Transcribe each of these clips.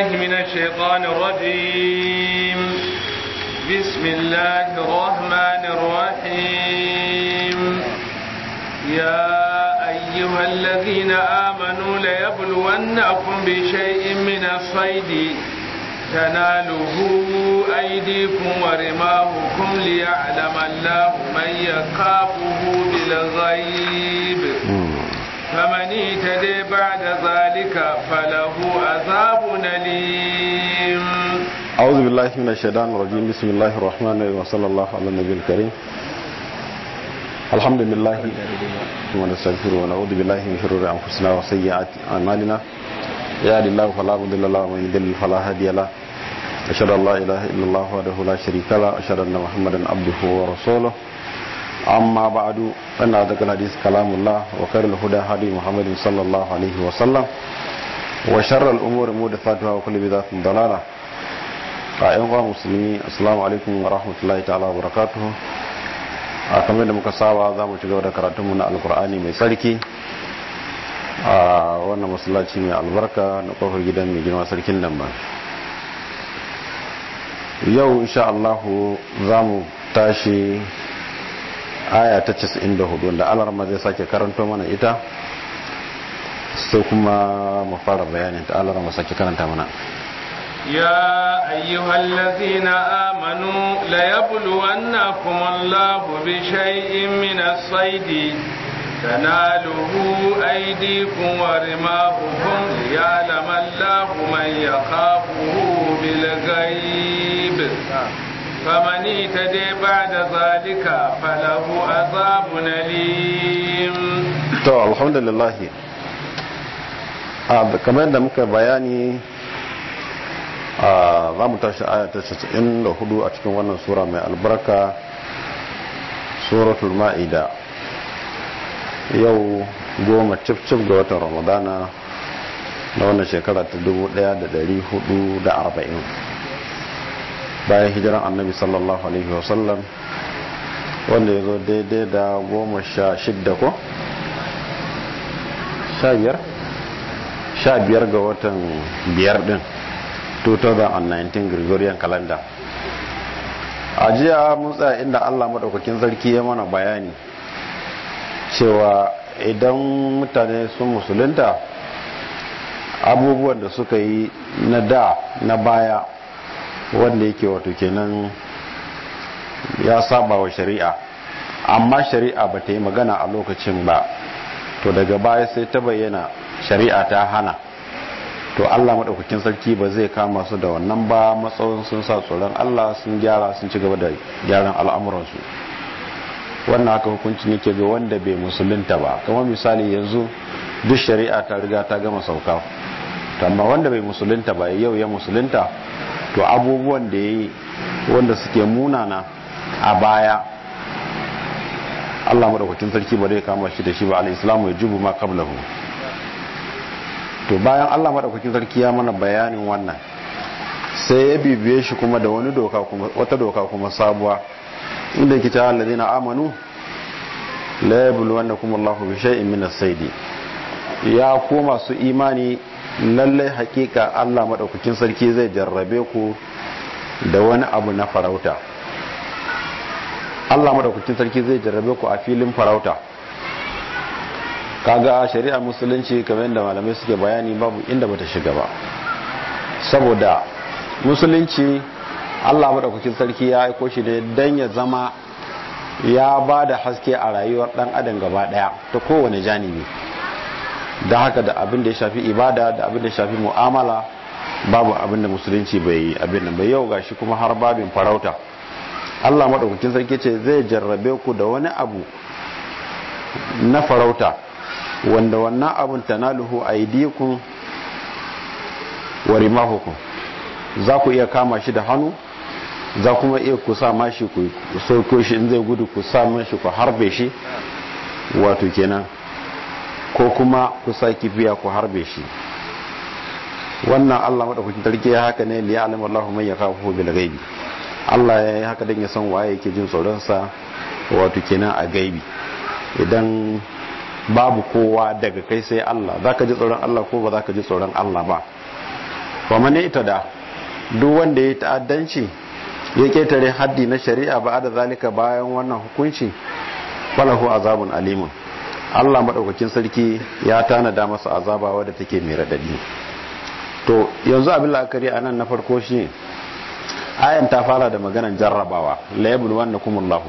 الله من الشيطان الرجيم بسم الله الرحمن الرحيم يا أيها الذين آمنوا ليبلونكم بشيء من الصيد تناله أيديكم ورماهكم ليعلم الله من يخافه بالغيب فمن اهتدي بعد ذلك فله عذاب أليم أعوذ بالله من الشيطان الرجيم بسم الله الرحمن الرحيم وصلى الله على النبي الكريم الحمد لله ونستغفر ونعوذ بالله من شرور أنفسنا وسيئات أعمالنا يهد الله فلا مضل له ومن يضلل فلا هادي له أشهد أن لا إله إلا الله وحده لا شريك له أشهد أن محمدا عبده ورسوله amma ba'adu ana da hadis kalamullah wa karil huda hadi muhammad sallallahu alaihi wa sallam wa sharra al umur muhdathatuha wa kullu bidatin dalala fa ayyuhal wa muslimi assalamu wa rahmatullahi ta'ala wa barakatuh a kamar yadda muka saba za mu ci gaba da karatun mu na alkur'ani mai sarki a wannan masallaci mai albarka na kofar gidan mai girma sarkin nan yau insha Allah za mu tashi aya ta 94 da alarma zai sake karanto mana ita sai kuma mu fara bayanin ta alarma sake karanta mana يا أيها الذين آمنوا ليبلونكم الله بشيء من الصيد تناله أيديكم ya ليعلم الله من يخافه بالغيب فمن اهتدي بعد ذلك فله عذاب أليم to alhamdulillah a kamar da muka bayani a za mu tashi aya ta 94 a cikin wannan sura mai albarka suratul ma'ida yau goma cif ga watan ramadana na wannan shekara ta dubu ɗaya da da hudu arba'in. bayan hijiran annabi sallallahu alaihi wasallam wanda ya zo daidai da goma sha shidda ko? sha biyar? sha biyar ga watan biyar din 2019 gregorian calendar a jiya mun tsaya inda allah maɗaukakin sarki ya mana bayani cewa idan mutane sun musulunta abubuwan da suka yi na da na baya wanda yake wato kenan ya saba wa shari'a amma shari'a ba ta yi magana a lokacin ba to daga baya sai ta bayyana shari'a ta hana to Allah maɗaukakin sarki ba zai kama su da wannan ba matsawon sun sa tsoron Allah sun gyara sun ci gaba da gyaran al'amuransu wannan haka hukuncin yake ga wanda bai musulunta ba kamar misali yanzu duk shari'a ta riga ta gama sauka Tamma wanda bai musulunta ba yau ya musulunta to abubuwan da ya yi wanda suke munana a baya Allah madaukakin sarki ba zai kama shi da shi ba al mai jubu ma qablahu to bayan Allah madaukakin sarki ya mana bayanin wannan sai ya bibiye shi kuma da wani doka kuma wata doka kuma sabuwa inda yake cewa alladhina amanu la yabluwannakum Allahu bi shay'in min as ya ko masu imani lallai hakika Allah maɗaukakin sarki zai jarrabe ku da wani abu na farauta Allah maɗaukakin sarki zai jarrabe ku a filin farauta kaga shari'a musulunci kamar yadda malamai suke bayani babu inda bata shiga ba saboda musulunci Allah maɗaukakin sarki ya aiko shi ne don ya zama ya ba da haske a rayuwar ɗan adam gaba ɗaya ta kowane janibi da haka da abin da ya shafi ibada da abin da ya shafi mu'amala babu abin da musulunci bai yi abin da bai yau gashi kuma har babin farauta Allah maɗaukacin sarki ce zai jarrabe ku da wani abu na farauta wanda wannan abun tanaluhu aydikum wari mahukun za ku iya kama shi da hannu za kuma iya ku sa mashi ku sauko shi in zai gudu ku sa mashi ku harbe shi wato kenan ko kuma ku sa kifiya ku harbe shi wannan Allah madaukakin sarki ya haka ne liya'lam Allahu man yakhafu bil ghaibi Allah ya yi haka dan ya san waye yake jin tsoronsa sa wato kenan a gaibi idan babu kowa daga kai sai Allah zaka ji tsoron Allah ko ba ka ji tsoron Allah ba wa ita da duk wanda ya yi ta'addanci ya ketare haddi na shari'a ba da zalika bayan wannan hukunci falahu azabun alimun Allah madaukakin sarki ya tanada masa azaba wadda take mai radadi to yanzu abin la'akari a nan na farko shi ayan ta fara da maganan jarrabawa la yabluwannakum Allah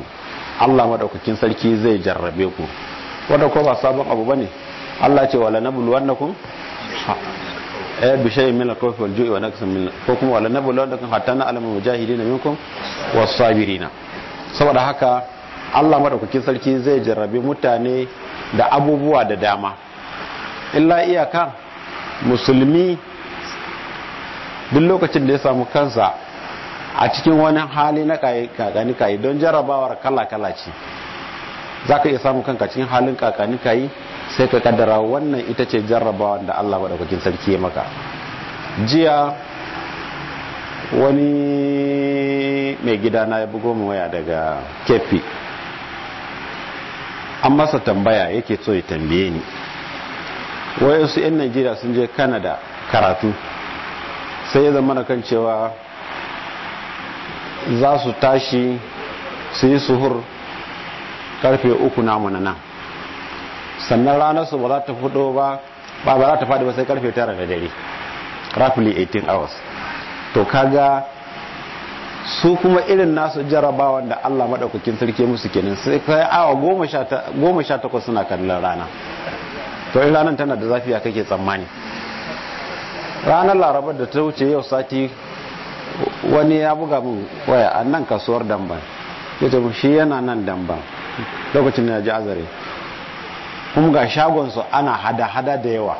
Allah madaukakin sarki zai jarrabe ku wanda ko ba sabon abu bane Allah ce wala nabluwannakum eh bi shay'in min al wal-ju'i wa naqsin min ko kuma wala kun hatta na na'lamu mujahidina minkum was-sabirina saboda haka Allah madaukakin sarki zai jarrabe mutane da abubuwa da dama illa iyaka musulmi duk lokacin da ya samu kansa a cikin wani hali na kayi don jarabawar kala-kala ce za ka iya samun kanka cikin halin kayi sai ka kaddara wannan ita ce jarrabawar da allah maɗaukakin sarki ya maka jiya wani mai gidana ya bugo mu waya daga kefi an masa tambaya yake so ya tambaye ni wayansu 'yan najeriya sun je Kanada karatu sai ya zama kan cewa za su tashi su yi suhur karfe uku namu na nan sannan ranar su ba za ta fudo ba ba za ta faɗi ba sai karfe tara da dare roughly 18 hours to kaga su kuma irin nasu jarabawan da Allah maɗaukakin sarki musu kenan sai kai awa goma sha takwas suna kallon rana to in ranar tana da zafi a kake tsammani ranar larabar da ta wuce yau sati wani ya buga mu waya a nan kasuwar damban ya ce shi yana nan damban lokacin da ji azare kuma ga shagonsu ana hada-hada da yawa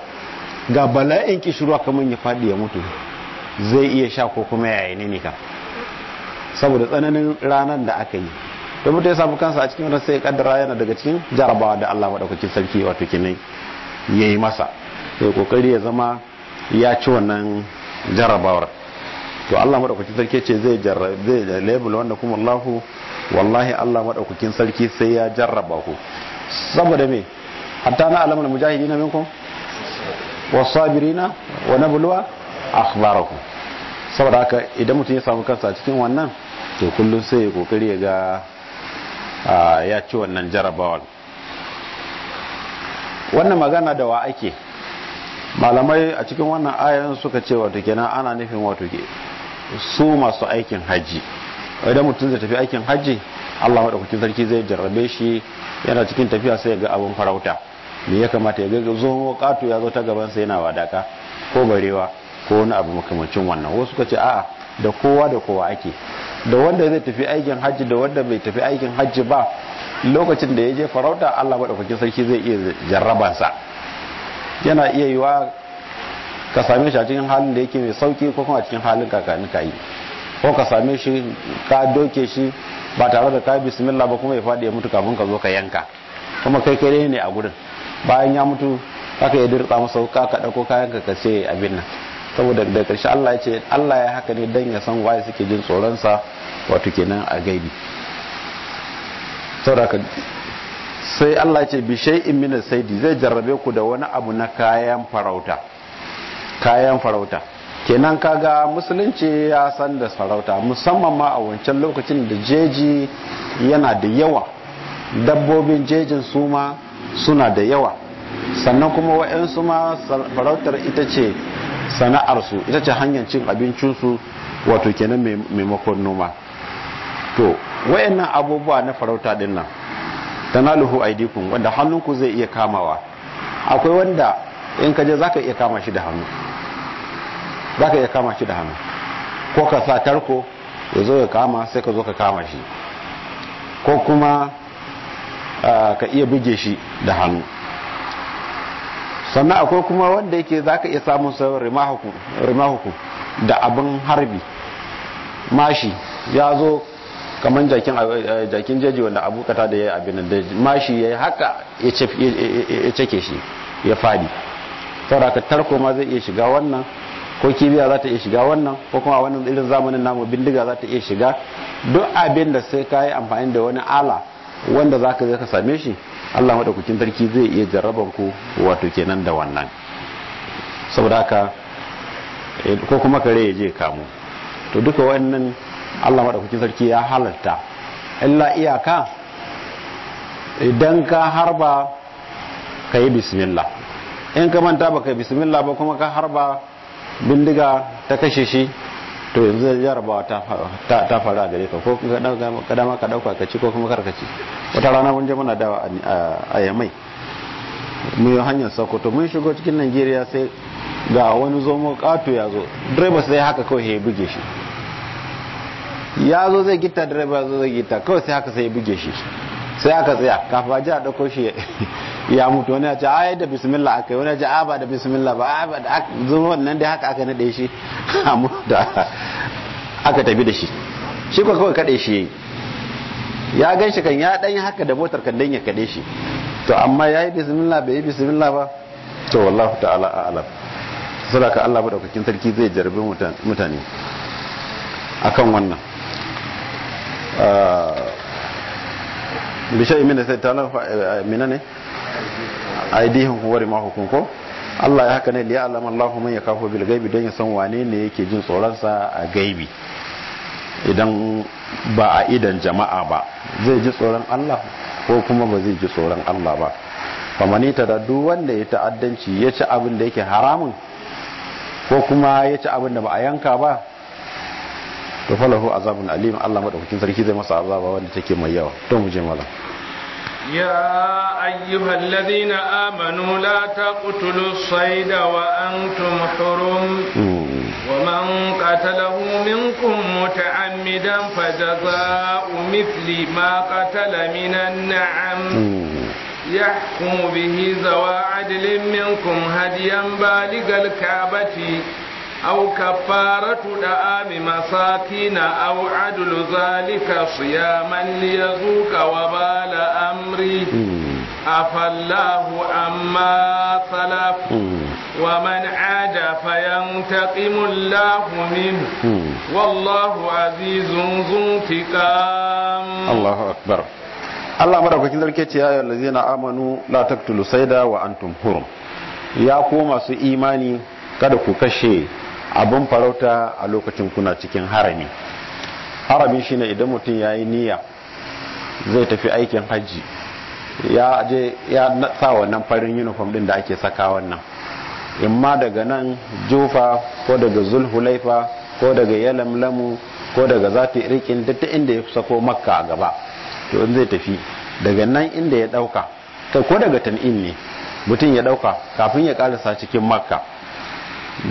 ga bala'in kishirwa kamar ya faɗi ya mutu zai iya sha ko kuma yayi ne ne ka saboda tsananin ranar da aka yi don mutum ya samu kansa a cikin wannan sai ya kaddara yana daga cikin jarabawa da Allah madaukakin sarki wato kenan yayi masa sai kokari ya zama ya ci wannan jarabawar to Allah madaukakin sarki ce zai jarrabe label wanda kuma Allahu wallahi Allah madaukakin sarki sai ya jarraba ku saboda me hatta na alamul mujahidina minkum wasabirina wa nabluwa akhbarakum saboda haka idan mutum ya samu kansa cikin wannan to kullum sai ya kokari ya ga ya ci wannan jarabawar wannan magana da wa ake malamai a cikin wannan ayan suka ce wato kenan ana nufin wato ke su masu aikin haji idan mutum zai tafi aikin haji Allah madaukakin sarki zai jarrabe shi yana cikin tafiya sai ga abin farauta me ya kamata ya ga zo wakatu ya zo ta gaban sa yana wadaka ko barewa ko wani abu makamancin wannan wasu suka ce a'a da kowa da kowa ake da wanda zai tafi aikin hajji da wanda bai tafi aikin hajji ba lokacin da ya je farauta Allah maɗaukakin sarki zai iya jarrabansa yana iya yi wa ka same shi a cikin halin da yake mai sauki ko kuma a cikin halin kakanin ka yi ko ka same shi ka doke shi ba tare da ka bismillah ba kuma ya faɗi ya mutu kafin ka zo ka yanka kuma kai kai ne a gurin bayan ya mutu haka ya dirtsa masa wuka ka ɗauko kayan ka ce abin nan saboda da ƙarshe Allah ya ce Allah ya haka ne dan ya san waye suke jin tsoron sa wato kenan a gaibi sauraka sai Allah ce bishai imina saidi zai jarrabe ku da wani abu na kayan farauta kayan farauta kenan kaga musulunci ya san da farauta musamman ma a wancan lokacin da jeji yana da yawa dabbobin jejin su ma suna da yawa sannan kuma wa'yansu ma farautar ita ce sana'arsu ita ce hanyar cin abincinsu wato kenan maimakon noma to wayannan abubuwa na farauta din nan tanaluhu aidikum wanda hannunku zai iya kamawa akwai wanda in ka je zaka iya kama shi da hannu zaka iya kama shi da hannu ko ka sa tarko ya zo ya kama sai ka zo ka kama shi ko kuma ka iya buge shi da hannu sannan akwai kuma wanda yake zaka iya samun sa rimahukum da abin harbi mashi ya zo kamar jakin jeji wanda abu kata da ya yi abin da mashi ya yi haka ya cike shi ya fadi ka tarko ma zai iya shiga wannan ko kibiya za ta iya shiga wannan ko kuma wannan irin zamanin namu bindiga za ta iya shiga duk abin da sai ka yi amfani da wani ala wanda za ka zai ka same shi allah maɗaukakin sarki zai iya jarraban ku wato kenan da wannan saboda ka eh, ko kuma kare ya je kamu to duka wannan Allah madaukakin sarki ya halarta illa iyaka idan ka harba ka yi bismillah in ka manta ba ka yi bismillah ba kuma ka harba bindiga ta kashe shi to yanzu jarabawa ta faru a gare ka ko ka dama ka dauka ka ci ko kuma ci wata rana mun je muna da a yamai mu yi hanyar sokoto mun shigo cikin najeriya sai ga wani zomo kato ya zo direba sai haka kawai ya buge shi ya zo zai gita direba ya zo zai gita kawai sai haka sai ya buge shi sai aka tsaya kafin a ji a ɗauko shi ya mutu wani ya ce a da bismillah aka yi wani ya ce a ba da bismillah ba a ba da zuwa wannan dai haka aka naɗe shi a mutu aka tafi da shi shi kwa kawai kaɗe shi ya gan shi kan ya ɗan haka da motar kan dan ya kaɗe shi to amma ya yi bismillah bai yi bismillah ba to wallahu ta'ala a'lam sadaka ka Allah madaukakin sarki zai jarbi mutane akan wannan Uh, bishai min sai ta mina eh, ne aidihim huwa rimahukum ko Allah ya haka ne liya Allah Allahu ya yakafu bil gaibi don ya san wane ne yake jin tsoron a gaibi idan ba a idan jama'a ba zai ji tsoron Allah ko kuma ba zai ji tsoron Allah ba famanita da duk wanda ya ta'addanci ya ci abin da yake haramun ko kuma ya ci abin da ba a yanka ba to falahu azabun alim Allah madaukakin sarki zai masa azaba wanda take mai yawa to mu je mala ya ayyuhal ladina amanu la taqtulu sayda wa antum hurum hmm. wa man qatalahu minkum muta'ammidan fajaza'u mithli ma qatala minan na'am hmm. yahkumu bihi zawa adlin minkum hadiyan baligal ka'bati أو كفارة دعام مساكين أو عدل ذلك صياما ليذوق وبال أمري الله عما سلف ومن عاد فينتقم الله منه والله عزيز ذو انتقام الله أكبر الله madaukakin sarki ce ya الذين na لا تقتلوا سيدا sayda حرم يا قوم ya kada ku kashe abin farauta a lokacin kuna cikin harami harami shine idan mutum ya yi niyya zai tafi aikin hajji ya je ya sa wannan farin uniform din da ake saka wannan imma daga nan jufa ko daga zulhulaifa ko daga yalamlamu ko daga zafi rikin duk inda ya sako makka a gaba to in zai tafi daga nan inda ya dauka ko daga tan'in ne mutum ya dauka kafin ya karasa cikin makka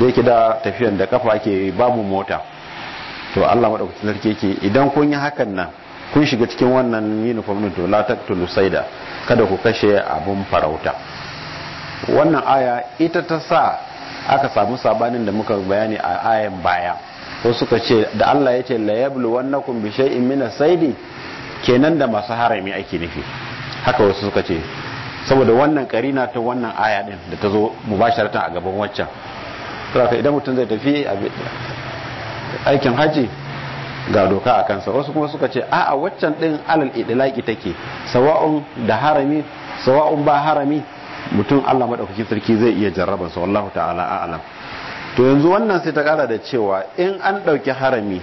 da yake da tafiyan da kafa ake babu mota to Allah madaukakin sarki yake idan kun yi hakan nan kun shiga cikin wannan uniform din to la taqtulu kada ku kashe abun farauta wannan aya ita ta sa aka samu sabanin da muka bayani a ayan baya ko suka ce da Allah ya ce la yablu wannakum bi shay'in min kenan da masu harami ake nufi haka wasu suka ce saboda wannan karina ta wannan aya din da ta zo mubasharatan a gaban waccan aka idan mutum zai tafi aikin haji ga doka a kansa wasu kuma suka ce a'a waccan din alal idilaki take sawa'un da harami sawa'un ba harami mutum Allah madaukakin sarki zai iya jarraba sa wallahu ta'ala a'lam to yanzu wannan sai ta kara da cewa in an dauki harami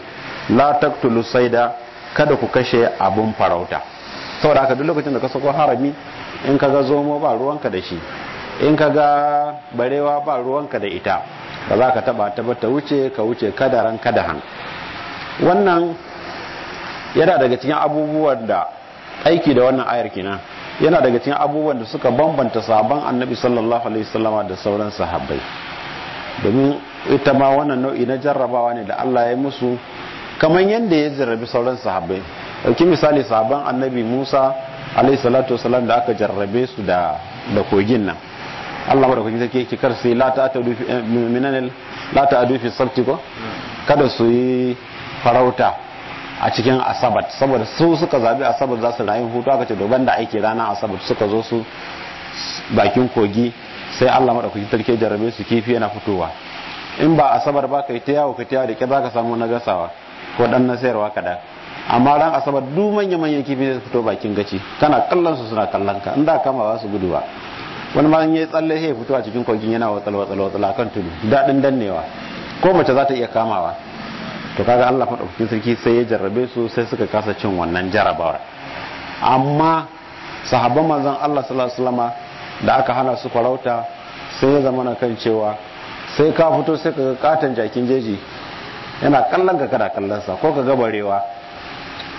la taqtulu sayda kada ku kashe abin farauta saboda haka duk lokacin da ka sako harami in kaga zomo ba ruwanka da shi in kaga barewa ba ruwanka da ita ba za ka taba ta ba ta wuce ka wuce kadaran kadahan wannan yana daga cikin abubuwan da aiki da wannan ayar kenan yana daga cikin abubuwan da suka bambanta sabon annabi sallallahu alaihi wasallama da sauran sahabbai domin ita ma wannan nau'i na jarrabawa ne da Allah ya musu kamar yadda ya jarrabi sauran sahabbai dauki misali sabon annabi Musa alaihi salatu wasallam da aka jarrabe su da da kogin nan Allah madaukakin sarki yake kar su yi la eh, ta'adu dufi sabti ko kada su yi farauta a cikin asabat saboda su suka zabi asabat za su rayu hutu aka ce doban da aiki rana asabat suka zo su bakin kogi sai Allah madaukakin ke jarabe su kifi yana fitowa in ba asabar ba kai ta yawo ka ta yawo da ke ka samu na gasawa ko dan na sayarwa da amma ran asabar duk manya manyan kifi zai fito bakin gaci kana kallon su suna kallon ka in da kama ba su gudu ba wani ma ya tsalle sai fito a cikin kogin yana watsalwatsalwatsala kan tudu daɗin dannewa ko mace za ta iya kamawa to kaga Allah madaukakin sarki sai ya jarrabe su sai suka kasa cin wannan jarabawa amma sahabban manzon Allah sallallahu alaihi wasallama da aka hana su farauta sai ya zama kan cewa sai ka fito sai ka ga katon jakin jeji yana kallon ka kada kallon sa ko ka ga barewa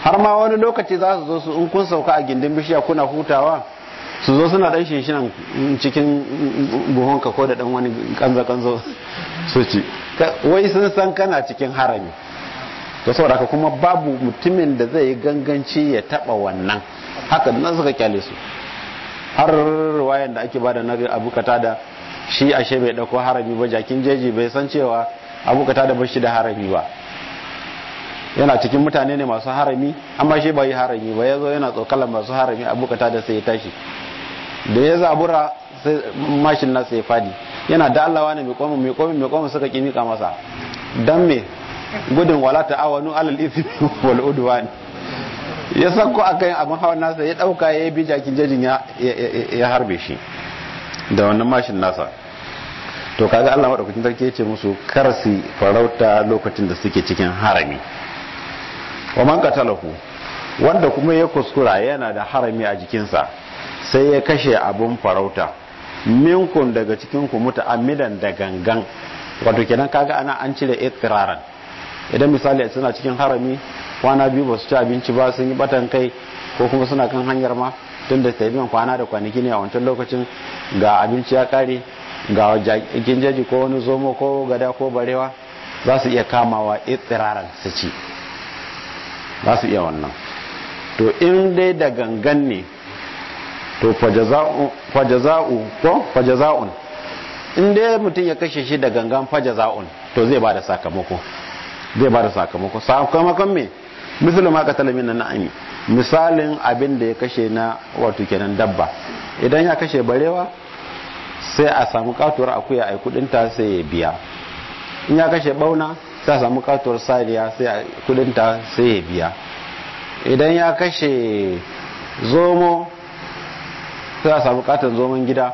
har ma wani lokaci za su zo su in kun sauka a gindin bishiya kuna hutawa su zo suna dan shinshinan cikin buhonka ko da dan wani kanzo-kanzo su ci wai sun san kana cikin harami to saboda kuma babu mutumin da zai yi ganganci ya taba wannan haka nan suka kyale su har ruwayan da ake bada na abu da shi ashe bai dauko harami ba jakin jeji bai san cewa abu da bashi da harami ba yana cikin mutane ne masu harami amma shi bai harami ba ya zo yana tsokalar masu harami abu da sai ya tashi da ya zabura sai mashin na ya fadi yana da allawa ne mai komi mai komi mai komi suka kimika masa dan me gudun wala ta'awanu alal ithmi wal udwan ya sako akan abin hawan nasa ya dauka ya bi jakin jajin ya harbe shi da wannan mashin nasa to kaga Allah madaukakin sarki yace musu kar su farauta lokacin da suke cikin harami wa man katalahu wanda kuma ya kuskura yana da harami a jikinsa sai ya kashe abun farauta minkun daga cikinku amidan da gangan wato kenan kaga ana an cire ikraran idan misali suna cikin harami kwana biyu ba su ci abinci ba sun yi batan kai ko kuma suna kan hanyar ma tun da biyan kwana da kwanaki ne a wancan lokacin ga abinci ya kare ga jakin jaji ko wani zomo ko gada ko barewa za su iya kamawa ikraran su ci za su iya wannan to in dai da gangan ne to fajaza'u ko fajaza'un in dai mutum ya kashe shi da gangan fajaza'un to zai bada sakamako zai bada sakamako sakamakon me misali ma katala min na'imi misalin abin da ya kashe na wato kenan dabba idan ya kashe barewa sai a samu katuwar akuya ai kudin ta sai ya biya in ya kashe bauna sai a samu katuwar sariya sai kudin ta sai ya biya idan ya kashe zomo sai a samu katon zoman gida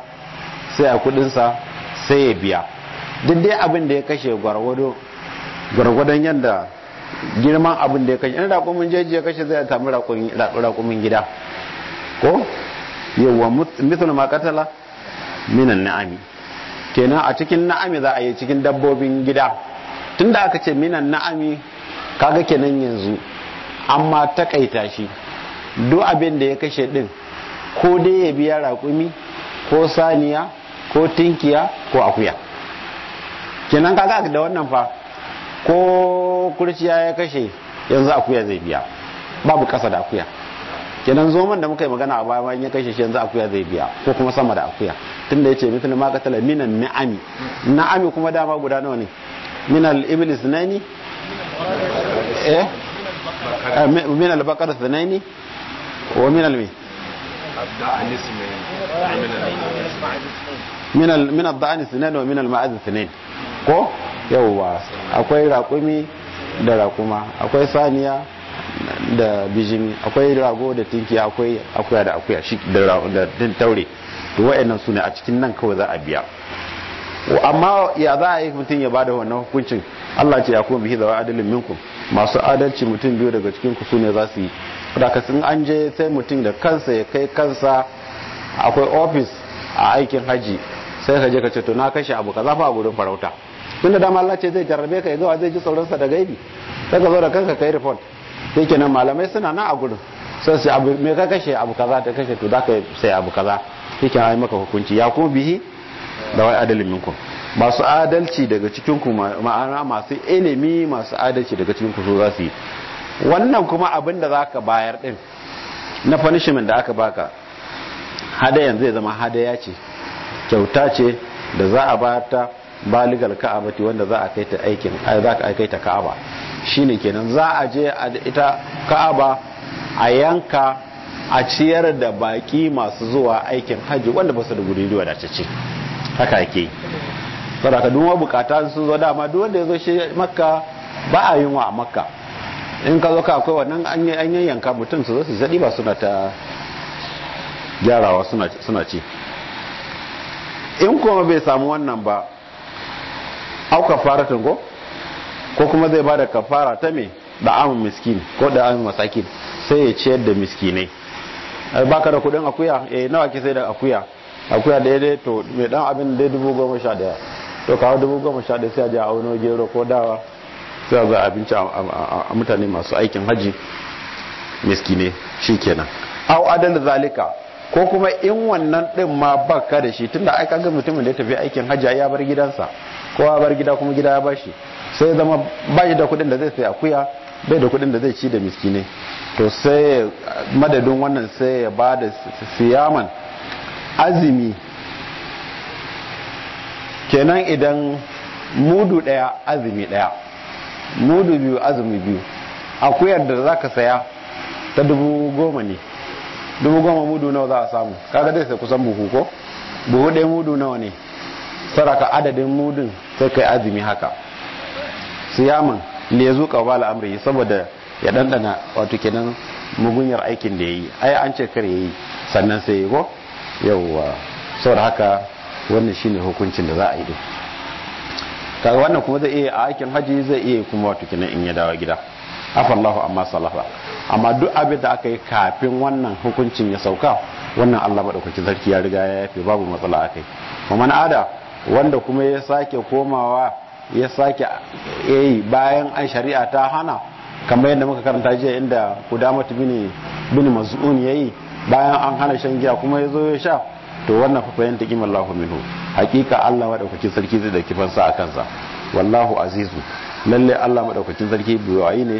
sai a kudinsa sai ya biya duk dai abin da ya kashe gwargwadon yadda girman abin da ya kashe in rakumin jeji ya kashe zai samu rakumin gida ko yawa mitul makatala minan na'ami kenan a cikin na'ami za a yi cikin dabbobin gida tunda aka ce minan na'ami kaga kenan yanzu amma takaita shi duk abin da ya kashe din ko dai ya biya raƙumi ko saniya ko tinkiya ko akuya kenan kaga da wannan fa ko kurciya ya kashe yanzu akuya zai biya babu ƙasa da akuya kenan zoman da muka yi magana a baya ya kashe shi yanzu akuya zai biya ko kuma sama da akuya tunda yace mithlu ma qatala minan na'ami na'ami kuma dama guda nawa ne minal iblis nani eh, eh min al baqara thanaini wa min al الضعن اثنين من من الضعن اثنين ومن ko akwai raƙumi da raƙuma akwai saniya da bijimi akwai rago da tinki akwai akuya da akuya shi da taure to wa'annan su ne a cikin nan kawai za a biya amma ya za a yi mutum ya bada wannan hukuncin Allah ce ya kuma bihi da adalin minkum masu adalci mutum biyu daga cikin ku sune za su yi daga sun an je sai mutum da kansa ya kai kansa akwai ofis a aikin haji sai ka je ka ce to na kashe abu kaza fa a gurin farauta tunda dama Allah ce zai jarrabe ka ya zai ji sauransa da gaibi sai ka zo da kanka kai report sai kenan malamai suna nan a gurin sai su abu me ka kashe abu kaza ta kashe to zaka sai abu kaza yake ai maka hukunci ya kuma bihi da wai adalin masu adalci daga cikin ku ma'ana masu ilimi masu adalci daga cikin ku so za su yi wannan kuma abin da za ka bayar ɗin na punishment da aka baka hadayan zai zama hadaya ce kyauta ce da za a baligar baligal ce wanda za a kai ta aikin za ka kai ta ka'aba shine kenan za a je a ita ka'aba a yanka a ciyar da baki masu zuwa aikin hajji wanda ba su da guri wadatacce haka ake sadaka ka duk bukata su zo dama duk wanda ya zo shi makka ba a yunwa a makka in ka zo ka akwai wannan an yanka mutum su zo su zaɗi ba suna ta gyarawa suna ci in kuma bai samu wannan ba au kafara ko ko kuma zai ba da kafara ta me da amin miskin ko da amin masakin sai ya ciyar da miskinai baka da kudin akuya yi eh, nawa ke sai da akuya akuya daidai to mai dan abin da dubu goma sha daya to kawo dubu goma sha daya sai a ji a wani gero ko dawa za a abinci a mutane masu aikin haji miskine shi kenan au adal zalika ko kuma in wannan din ma baka da shi tunda ai kaga mutumin da ya tafi aikin haji ya bar gidansa ko ya bar gida kuma gida ya bashi sai zama bashi da kudin da zai sai akuya bai da kudin da zai ci da miskine to sai madadin wannan sai ya bada siyaman azumi kenan idan mudu daya azumi daya mudu biyu azumi biyu akuyar da za ka saya ta dubu goma ne dubu goma mudu nawa za a samu kaga dai sai kusan buhu ko buhu ɗaya mudu nawa ne saraka adadin mudun sai kai azumi haka siyaman ne ya zuƙa wa al'amri saboda ya ɗanɗana wato kenan mugunyar aikin da ya yi ai an ce kar ya yi sannan sai ya yi ko yauwa saboda haka wannan shine hukuncin da za a yi dai kaga wannan kuma zai iya a aikin haji zai iya kuma wato kenan in ya dawo gida afallahu amma salafa amma duk abin da aka yi kafin wannan hukuncin ya sauka wannan Allah madaukakin sarki ya riga ya yafe babu matsala akai kuma na ada wanda kuma ya sake komawa ya sake yayi bayan an shari'a ta hana kamar yadda muka karanta jiya inda kudamatu bini bini maz'un yayi bayan an hana shan giya kuma yazo ya sha to wannan fa fayanta kima Allahu minhu hakika Allah madaukakin sarki zai kifan fansa a kansa wallahu azizu lalle Allah madaukakin sarki biwayi ne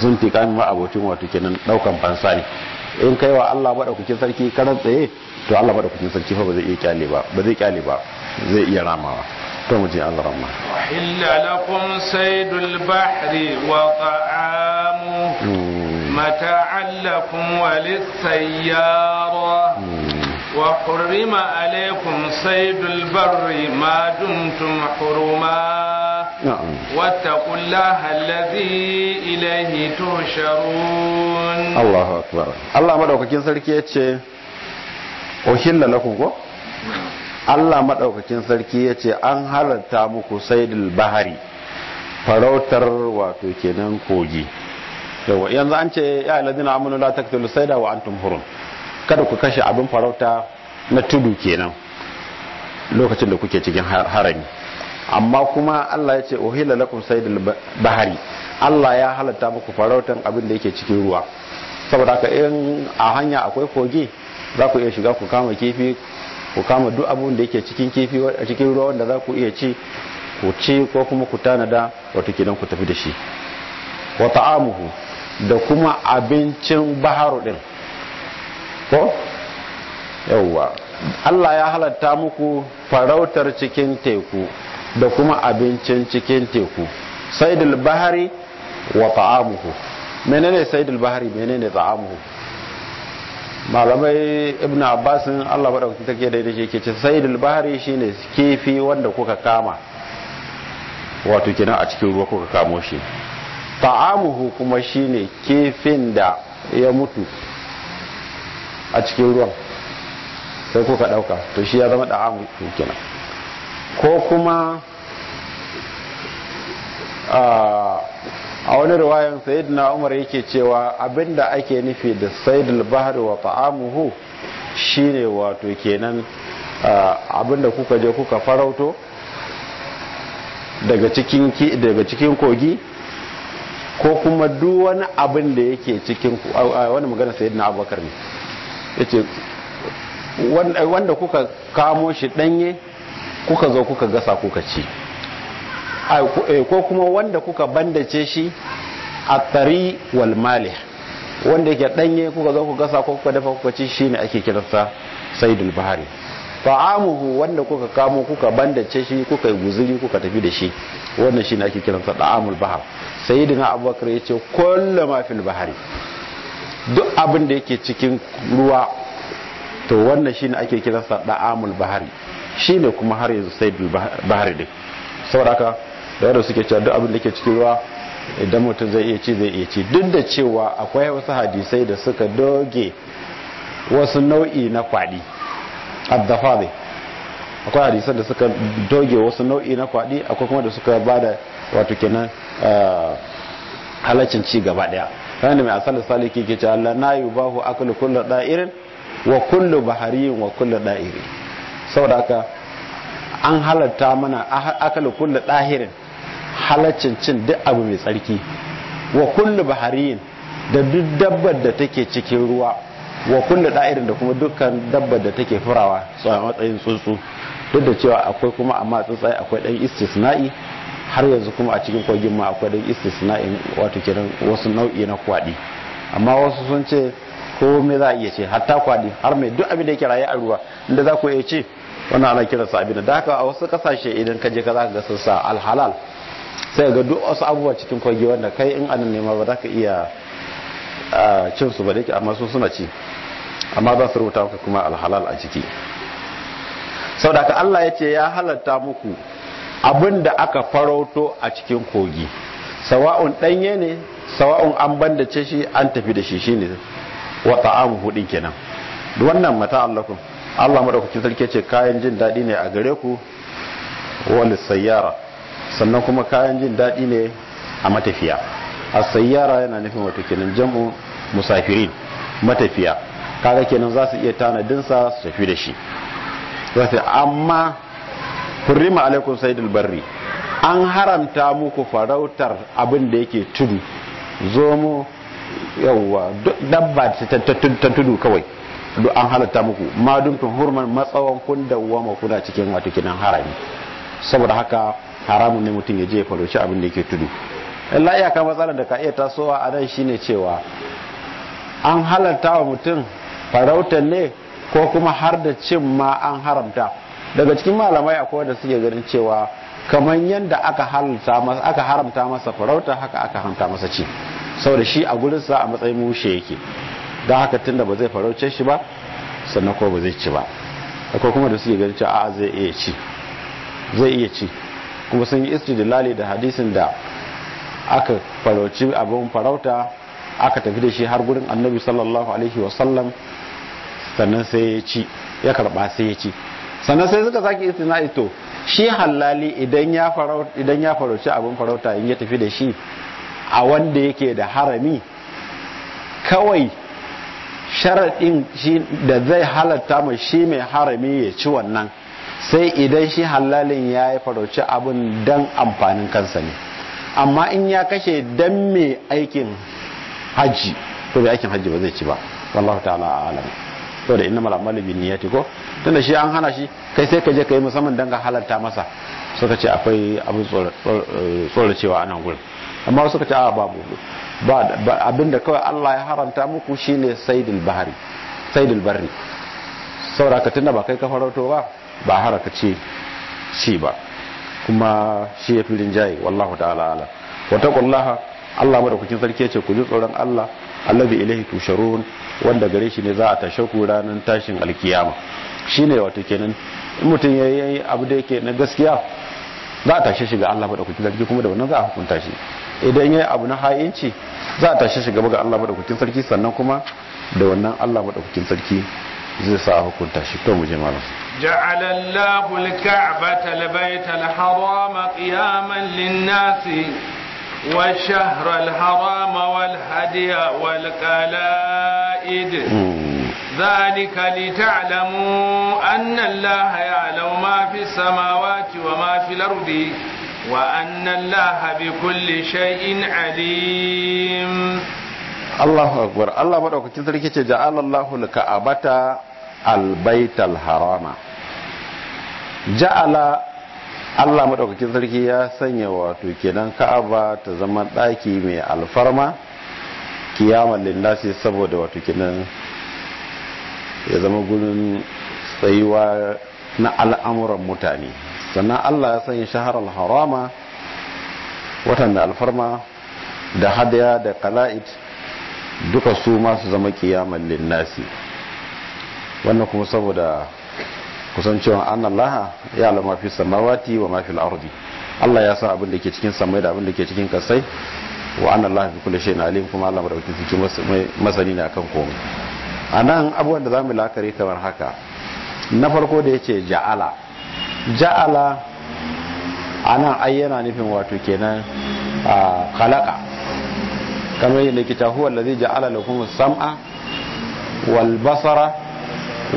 sun fi kami ma'abocin wato kenan daukan fansa ne in kai wa Allah madaukakin sarki karan tsaye to Allah madaukakin sarki ba zai iya kyale ba ba zai kyale ba zai iya ramawa to mu illa lakum saydul bahri wa ta'amu hmm. mata'allakum walis sayyara hmm. وحرم عليكم صيد البر ما دمتم حرما نعم واتقوا الله الذي إليه تهشرون الله أكبر الله مدعوك كين سركي يتشي أهل لكم Allah maɗaukakin sarki ya ce an halatta muku saidul bahari farautar wato kenan kogi yanzu an ce ya ladina amanu la taqtulu sayda wa antum hurun kada ku kashe abin farauta na tudu kenan lokacin da kuke cikin harami amma kuma Allah ya ce uhilla lakum saydul bahari Allah ya halatta muku farautan abin da yake cikin ruwa saboda haka in a hanya akwai kogi za ku iya shiga ku kama kifi ku kama duk abin da yake cikin kifi a cikin ruwa wanda za ku iya ci ku ci ko kuma ku tanada wato kidan ku tafi da shi wa ta'amuhu da kuma abincin baharu din ko yawwa Allah ya halatta muku farautar cikin teku da kuma abincin cikin teku saidul bahari wa ta'amuhu menene saidul bahari menene ta'amuhu malamai ibn Abbas Allah madaukakin take da yake ke ce saidul bahari shine kifi wanda kuka kama wato kenan a cikin ruwa kuka kamo shi ta'amuhu kuma shine kifin da ya mutu a cikin ruwan sai kuka dauka to shi ya zama da'amu kenan ko kuma a wani riwayan sayyidina umar yake cewa abinda ake nufi da sayyidul bahri wa ta'amuhu shine wato kenan abinda kuka je kuka farauto daga cikin kogi ko kuma duk wani abin da yake cikin wani magana sayyidina abubakar ne yace wanda kuka kamo shi danye kuka zo kuka gasa kuka ci eh, ko kuma wanda kuka bandace shi a tari wal wanda yake danye kuka zo kuka gasa kuka dafa kuka ci shine ake kiransa saidul bahari ta'amuhu wanda kuka kamo kuka bandace shi kuka yi guzuri kuka tafi da shi wannan shine ake kiransa da'amul bahar sayyidina abubakar yace kullu ma fil bahari duk abin da yake cikin ruwa to wannan shine ake kiransa da'amul bahari ne kuma har yanzu sai bil bahari din saboda haka da yadda suke cewa duk abin da yake cikin ruwa idan mutum zai iya ci zai iya ci duk da cewa akwai wasu hadisai da suka doge wasu nau'i na kwadi addafadi akwai hadisai da suka doge wasu nau'i na kwaɗi akwai kuma da suka bada wato kenan ah, halaccin ci gaba daya kan mai asali saliki ke ce Allah na yi yubahu akulu kullu da'irin wa kullu bahariyin wa kullu da'iri saboda haka an halarta mana ah, akulu kullu da'irin halaccin cin duk abu mai tsarki wa kullu bahariyin da duk dabbar da take cikin ruwa wa kullu da'irin da kuma dukkan dabbar da take furawa so a matsayin tsuntsu duk da cewa akwai kuma amma tsuntsaye akwai dan istisna'i har yanzu kuma a cikin kogin ma akwai dan istisna'in wato kiran wasu nau'i na kwadi amma wasu sun ce ko me za a iya ce hatta kwadi har mai duk abin da yake raye a ruwa inda za ku iya ce wannan ana kiran sa abin da haka a wasu kasashe idan ka je ka za ka ga sun sa alhalal sai ga duk wasu abubuwa cikin kogi wanda kai in anan nema ba za ka iya cin su ba da amma su suna ci amma za su rubuta maka kuma alhalal a ciki saboda ka Allah ya ce ya halatta muku abin da aka farauto a cikin kogi sawa'un ɗanye ne sawa'un an bandace shi an tafi da shi shi ne wa an hudin kenan wannan mata allakun Allah maɗaukacin sarki ce kayan jin daɗi ne a gare ku wani sayyara sannan kuma kayan jin daɗi ne a matafiya a sayyara yana nufin wata kenan jam'u musafirin matafiya kaga kenan za su iya tanadinsa su tafi da shi amma hurrima alaikum saidulbarri barri an haramta muku farautar abin da yake tudu zomo yawwa dabba ta tudu kawai duk an halatta muku ma dumtum hurman matsawan kun wama kuna cikin wato kinan harami saboda haka haramun ne mutum ya je ya faruci abin da yake tudu illa iyaka matsalar da ka iya tasowa a nan shine cewa an halatta wa mutum farautar ne ko kuma har da cin ma an haramta daga cikin malamai akwai da suke ganin cewa kamar yadda aka haramta masa farauta haka aka haramta masa ci saboda shi a gurin sa a matsayin mushe yake don haka tunda ba zai farauce shi ba sannan ko ba zai ci ba akwai kuma da suke ganin cewa a'a zai iya ci zai iya ci kuma sun yi istidlali da hadisin da aka farauci abin farauta aka tafi da shi har gurin annabi sallallahu alaihi wasallam sannan sai ya ci ya karba sai ya ci sannan sai suka sake istina ito shi halali idan ya farauci abin farauta in ya tafi da shi a wanda yake da harami kawai sharaɗin da zai halatta mai shi mai harami ya ci wannan sai idan shi halalin ya yi farauci abin don amfanin kansa ne amma in ya kashe don mai aikin hajji to mai aikin hajji ba zai ci ba wallahu ta'ala a alamu saboda inna mal amalu binniyati ko tunda shi an hana shi kai sai ka je kai musamman dan ka halarta masa suka ce akwai abu tsoro a nan gurin amma suka ce a babu abinda kawai Allah ya haramta muku shine saidul bahri saidul barri saboda ka tunda ba kai ka farauto ba ba haraka ce shi ba kuma shi ya filin jayi wallahu ta'ala wa taqullaha Allah madaukakin sarki ya ce ku ji tsoron Allah alladhi ilayhi tusharun wanda gare shi ne za a tashe ku tashin alkiyama shine wato kenan in mutum yayi abu da yake na gaskiya za a tashe shi ga Allah madaukakin sarki kuma da wannan za a hukunta shi idan yayi abu na ha'inci za a tashe shi gaba ga Allah madaukakin sarki sannan kuma da wannan Allah madaukakin sarki zai sa hukunta shi to mu je malam جعل الله الكعبة لبيت الحرام قياما للناس والشهر الحرام والهدي والقلائد ذلك لتعلموا أن الله يعلم ما في السماوات وما في الأرض وأن الله بكل شيء عليم الله أكبر الله أكبر كتلك جعل الله لكعبة البيت الحرام جعل Allah madaukakin sarki ya sanya wato kenan Ka'aba ta zama ɗaki mai alfarma kiyaman linnasi saboda wato kenan ya zama gurin tsayuwa na al'amuran mutane sannan Allah ya sanya shaharar harama watan da alfarma da hadaya da Qala'id duka su masu zama kiyaman linnasi wannan kuma saboda cewa annan laha ya lama fi samawati wa mafi ardi Allah ya sa abin da ke cikin samai da abin da ke cikin kasai wa annan laha fi kula shayin alim kuma Allah madauki cikin masani ne akan komai a nan abubuwan da za mu la'akari kamar haka na farko da ya ce ja'ala ja'ala a nan ai yana nufin wato kenan a kalaka kamar yadda kita huwa allazi ja'ala lakum sam'a wal basara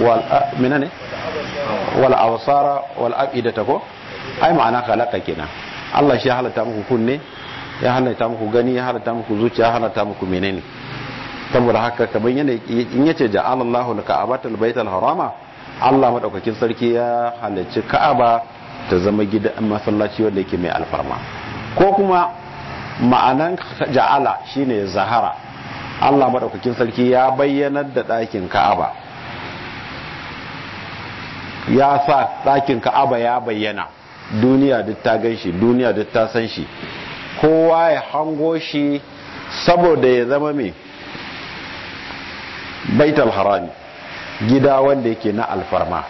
wal minane wal awsara wal ko ai ma'ana khalaqa kenan Allah shi ya halatta muku kunne ya halatta muku gani ya halatta muku zuciya ya halatta muku menene saboda haka kamar yana in yace ja'ala Allahu laka abatal baital harama Allah madaukakin sarki ya halacci Ka'aba ta zama gidan masallaci wanda yake mai alfarma ko kuma ma'anan ja'ala shine zahara Allah madaukakin sarki ya bayyana da ɗakin Ka'aba ya sa ɗakin ka'aba ya bayyana duniya duk ta gan shi duniya duk ta san shi kowa ya hango shi saboda ya zama mai baital harami gida wanda yake na alfarma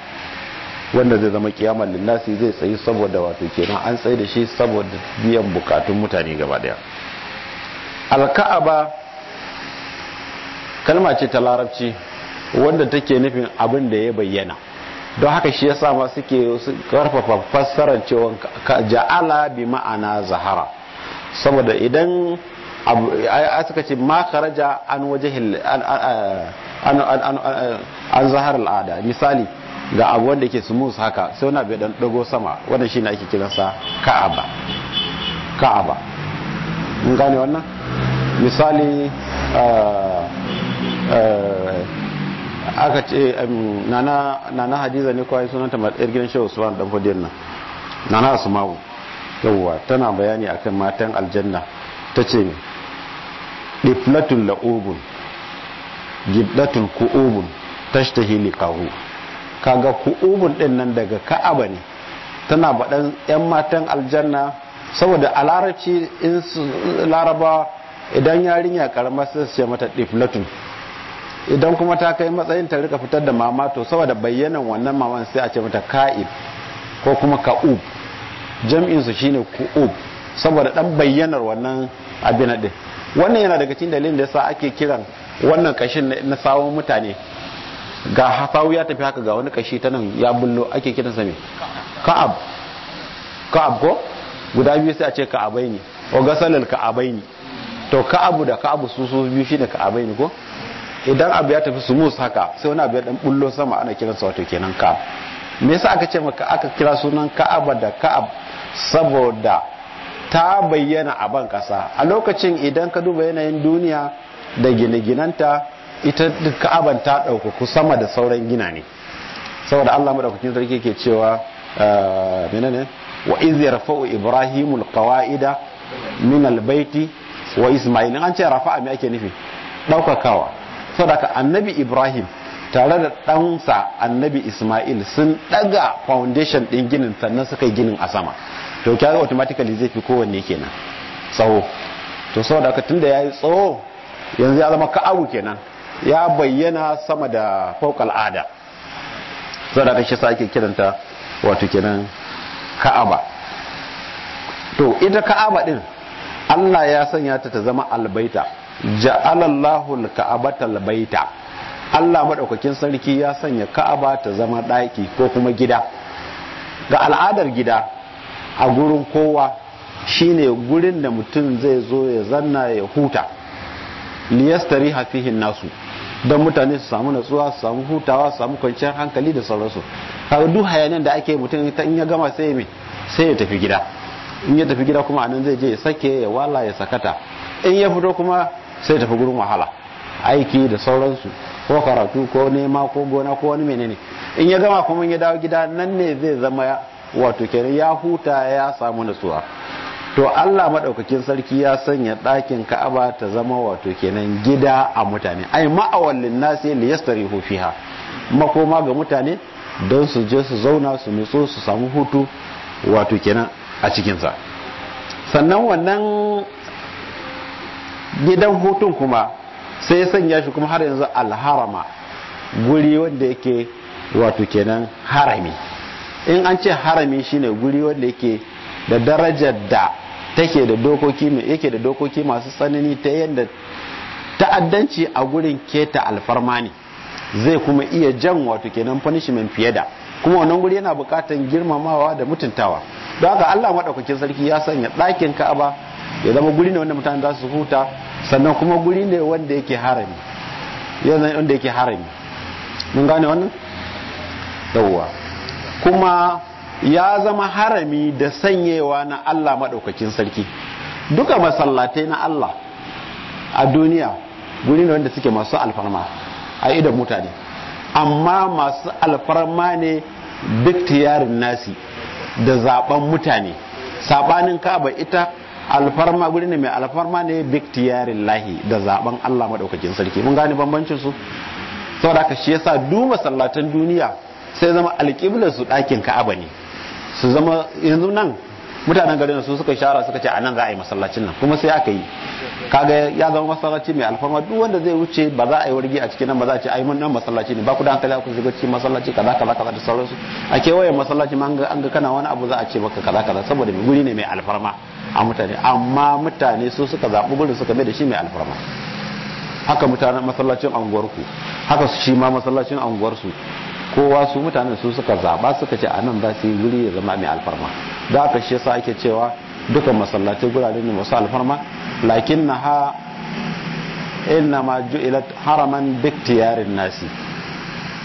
wanda zai zama kiyamar linnasi zai tsayi saboda wato kenan an tsaye da shi saboda biyan bukatun mutane gaba daya alka'aba kalma ce ta larabci wanda take nufin abin da ya bayyana don haka shi yasa ma suke karfafa fassarar cewa ja'ala bi ma'ana zahara saboda idan a suka ce ma an wajhil an zahar al'ada misali ga abu wanda ke sumus haka sai wani abu dan dago sama shi shine ake kinasa ka'aba ka'aba mun gane wannan misali ah, ah, aka ce nana hadiza ne kawai sunanta matsayar gidan shehu usman dan na, nan nana asma'u yawwa tana bayani akan matan aljanna ta ce ne diflatun la'ubun gibdatun ku'ubun tashtahi liqahu kaga ku'ubun din nan daga ka'aba ne tana baɗan yan matan aljanna saboda a larabci in laraba idan yarinya karama sai ce mata diflatun idan kuma ta kai matsayin ta rika fitar da mama to saboda bayyanan wannan maman sai a ce mata ka'ib ko kuma ka'ub jam'in su shine ku'ub saboda dan bayyanar wannan abin din wannan yana daga cikin dalilin da yasa ake kiran wannan kashin na sawon mutane ga hafawu ya tafi haka ga wani kashi ta nan ya bullo ake sa me ka'ab ka'ab ko guda biyu sai a ce ka'abai ne wa ka'abai ne to ka'abu da ka'abu su su biyu shine ka'abai ne ko idan abu ya tafi smooth haka sai wani abu ya dan bullo sama ana kiransa wato kenan ka me yasa aka ce maka aka kira sunan ka'aba da ka'ab saboda ta bayyana a ban kasa a lokacin idan ka duba yanayin duniya da gine-ginanta ita ka'aban ta ku sama da sauran gina ne saboda Allah madaukakin sarki ke cewa eh, menene wa iz yarfa'u ibrahimul qawaida min albayti wa isma'il an ce rafa'a me ake nufi daukakawa saboda annabi ibrahim tare da ɗansa annabi ismail sun ɗaga foundation ɗin ginin sannan suka yi ginin a sama to kyara automatically zai fi kowanne kenan tsawo to saboda tun tunda ya yi tsawo yanzu ya zama ka'abu kenan ya bayyana sama da fauk al'ada saboda haka shi sa ake kiranta wato kenan ka'aba to ita ka'aba ɗin Allah ya sanya ta ta zama albaita ja'alallahu al-ka'abatal baita Allah madaukakin sarki ya sanya Ka'aba ta zama daki ko kuma gida ga al'adar gida a gurin kowa shine gurin da mutum zai zo ya zanna ya huta liyastari hafihin nasu don mutane su samu natsuwa su samu hutawa su samu kwanciyar hankali da sauransu har duk hayanin da ake mutum in ya gama sai me sai ya tafi gida in ya tafi gida kuma anan zai je ya sake ya wala ya sakata in ya fito kuma sai tafi gurin wahala aiki da sauransu ko karatu ko nema ko gona ko wani menene in ya gama kuma ya dawo gida nan ne zai zama wato kenan ya huta ya samu nutsuwa to Allah madaukakin sarki ya sanya ɗakin Ka'aba ta zama wato kenan gida a mutane ai ma'awallin nasi li yastarihu fiha makoma ga mutane don su je su zauna su nutsu su samu hutu wato kenan a cikinsa sannan wannan gidan hutun kuma sai ya sanya shi kuma har yanzu alharama guri wanda yake wato kenan harami in an ce harami shine guri wanda yake da darajar da take da dokoki yake da dokoki masu tsanani ta yadda ta'addanci a gurin keta alfarma ne zai kuma iya jan wato kenan punishment fiye da kuma wannan guri yana bukatan girmamawa da mutuntawa don haka Allah maɗaukakin sarki ya sanya ɗakin Ka'aba ya zama guri ne wanda mutane za su huta sannan kuma guri ne wanda yake harami yanzu wanda yake harami mun gane wannan yawwa kuma ya zama harami da sanyewa na Allah maɗaukakin sarki duka masallatai na Allah a duniya guri ne wanda suke masu alfarma a idan mutane amma masu alfarma ne tiyarin nasi da zaben mutane sabanin kaba ita alfarma guri ne mai alfarma ne biktiyarin lahi da zaben Allah maɗaukakin sarki mun gane bambancin su saboda haka shi yasa duk masallatan duniya sai zama alƙiblar su ɗakin Ka'aba ne su zama yanzu nan mutanen garin su suka shara suka ce nan za a yi masallacin nan kuma sai aka yi kaga ya zama masallaci mai alfarma duk wanda zai wuce ba za a yi wargi a cikin nan ba za a ce ai mun nan masallaci ne ba ku da hankali ku shiga cikin masallaci kaza kaza kaza da sauransu a kewayen masallaci ma an ga kana wani abu za a ce maka kaza kaza saboda guri ne mai alfarma a mutane amma mutane su suka zaɓi gudun suka mai da shi mai alfarma haka mutanen masallacin anguwarku haka su shi ma masallacin anguwarsu kowa su mutane su suka zaɓa suka ce a nan za su yi wuri ya zama mai alfarma da aka shi yasa ake cewa dukan masallacin gurare ne masu alfarma lakin na ha inna ma ju'ilat haraman biktiyarin nasi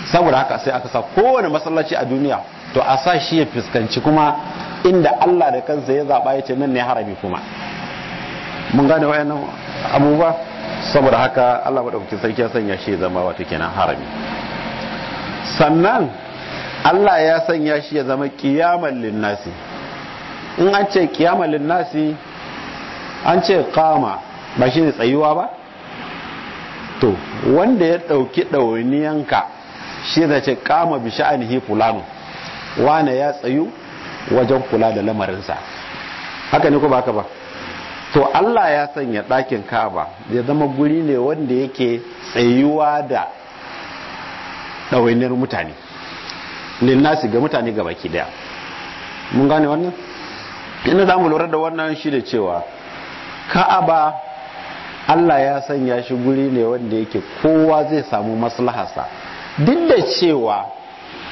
saboda haka sai aka sa kowane masallaci a duniya to a sa shi ya fuskanci kuma inda Allah da kansa ya zaba ya ce nan ne harami kuma mun gane wayannan abubuwa saboda haka Allah madaukakin sarki ya sanya shi zama wata kenan harami sannan Allah ya sanya shi ya zama kiyamar linnasi in an ce kiyamar linnasi an ce kama ba shi ne tsayuwa ba to wanda ya ɗauki ɗauniyanka shi da ce kama bi sha'anihi wane ya tsayu wajen kula da lamarinsa haka ne ko ba haka ba to Allah ya sanya ɗakin Ka'aba ya zama guri ne wanda yake tsayuwa da ɗawainiyar mutane linnasi ga mutane ga baki daya mun gane wannan ina za mu lura da wannan shi da cewa Ka'aba Allah ya sanya shi guri ne wanda yake kowa zai samu maslahasa duk da cewa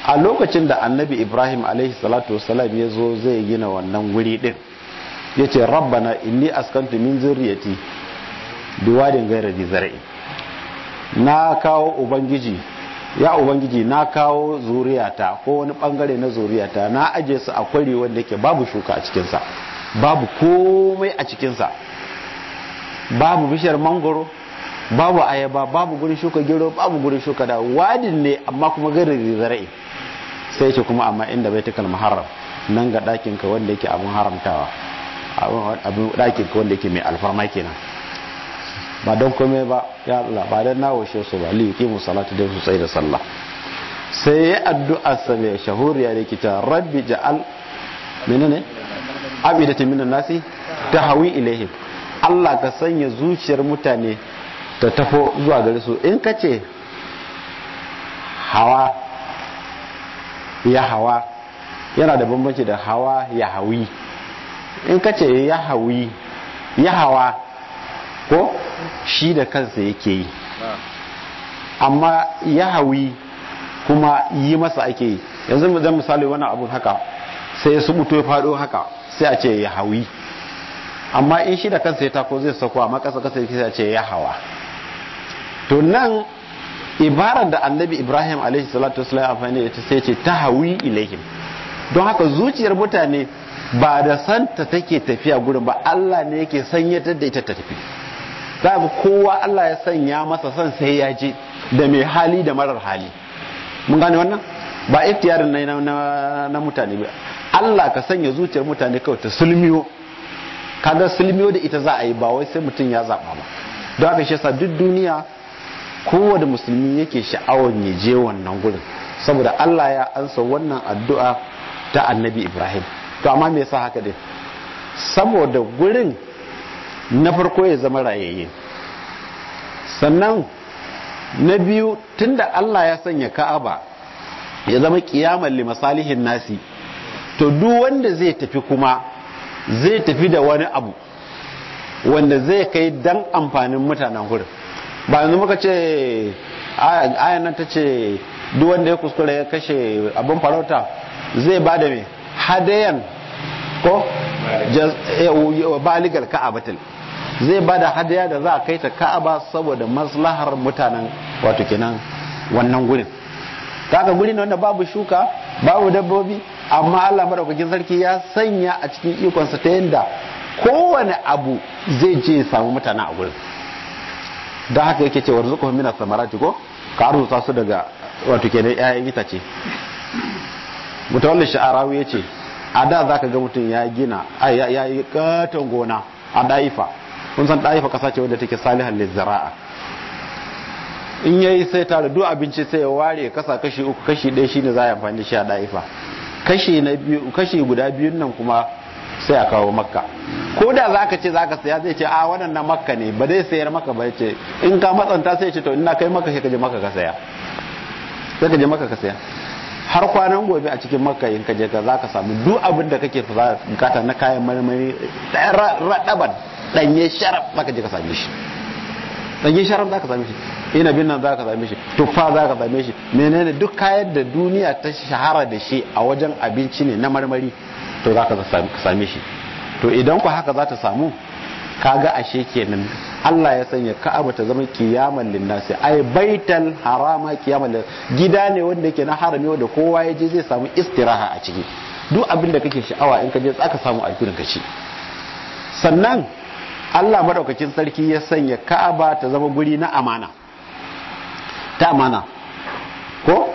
a lokacin da annabi ibrahim alaihi salatu wasalam ya zo zai gina wannan wuri din ya ce rabbana inni askantu min zurriyati biwadin gairar da zar'i na kawo ubangiji ya ubangiji na kawo zuriyata ko wani bangare na zuriyata na aje su a kwari wanda yake babu shuka a cikinsa babu komai a cikinsa babu bishiyar mangoro babu ayaba babu gurin shuka gero babu gurin shuka da wadin ne amma kuma da zara'i sai ce kuma amma inda baitukal muharram nan ga dakin ka wanda yake abun haramtawa abun dakin ka wanda yake mai alfarma kenan ba don kome ba ya Allah ba dan nawo shi su ba li yuqimu salatu da su tsaye da sallah sai ya addu'a sa mai shahuriya da kita rabbi ja'al menene abidatin minan nasi tahawi ilaihi Allah ka sanya zuciyar mutane ta tafo zuwa gare su in ka ce hawa ya hawa yana da bambanci da hawa ya hawi in ka ce ya hawi ya hawa ko shi da kansa yake yi amma ya hawi kuma yi masa ake yi yanzu mu zan misali wani abu haka sai su mutu ya faɗo haka sai a ce ya hawi amma in shi da kansa ya tako zai sako amma ƙasa ƙasa ya ce ya hawa to nan ibarar da annabi ibrahim alaihi salatu wasallam amfani da ita sai ce ta hawi ilaihim don haka zuciyar mutane ba da santa take tafiya gurin ba Allah ne yake sanya da ita ta tafi za ga kowa Allah ya sanya masa son sai ya je da mai hali da marar hali mun gane wannan ba iftiyarin na, na, na mutane ba Allah ka sanya zuciyar mutane kawai ta sulmiyo kaga sulmiyo da ita za a yi ba wai sai mutum ya zaba ba don haka shi duk duniya kowane musulmi yake sha'awar ya je wannan gurin saboda Allah ya ansa wannan addu'a ta annabi Ibrahim to amma me yasa haka din saboda gurin na farko ya zama rayayye sannan na biyu tunda Allah ya sanya Ka'aba ya zama kiyaman li masalihin nasi to duk wanda zai tafi kuma zai tafi da wani abu wanda zai kai dan amfanin mutanen gurin ba yanzu muka ce ayan nan ta ce duk wanda ya kuskure ya kashe abin farauta zai ba da me hadayan ko eh, baligar ka'abatul zai ba da hadaya da za a kai ta ka'aba saboda maslahar mutanen wato kenan wannan gurin kaga gurin wanda babu shuka babu dabbobi amma Allah madaukakin sarki ya sanya a cikin ikonsa ta yanda kowane abu zai je samu mutane a gurin da haka yake ce warzuqhum min ath-thamarati ko ka arzuta su daga wato kenan ƴaƴan itace mutawallin ya ce a da zaka ga mutum ya gina ai ya yi katon gona a daifa kun san daifa kasa ce wadda take salihan lizara'a in yayi sai tare duk abinci sai ya ware kasa kashi uku kashi ɗaya shine za a amfani da shi a daifa kashi na biyu kashi guda biyun nan kuma sai a kawo makka ko da za ka ce za ka saya zai ce a wannan na makka ne ba zai sayar maka ba ce in ka matsanta sai ce to ina kai maka sai ka je maka ka saya sai ka je ka saya har kwanan gobe a cikin makka in ka je ka za ka samu duk abin da kake bukata na kayan marmari raɗaban ɗanye sharaf za ka je ka same shi ɗanye sharaf za ka same shi ina nan za ka same shi tuffa za ka same shi menene duk kayan da duniya ta shahara da shi a wajen abinci ne na marmari to za ka same shi to idan ku haka za ta samu kaga ashe kenan Allah ya sanya Ka'aba ta zama kiyaman linnasi ai baital harama kiyaman gida ne wanda yake na harami wanda kowa ya je zai samu istiraha a ciki duk abin da kake sha'awa in ka je zaka samu alfirin ka ci sannan Allah madaukakin sarki ya sanya Ka'aba ta zama guri na amana ta amana ko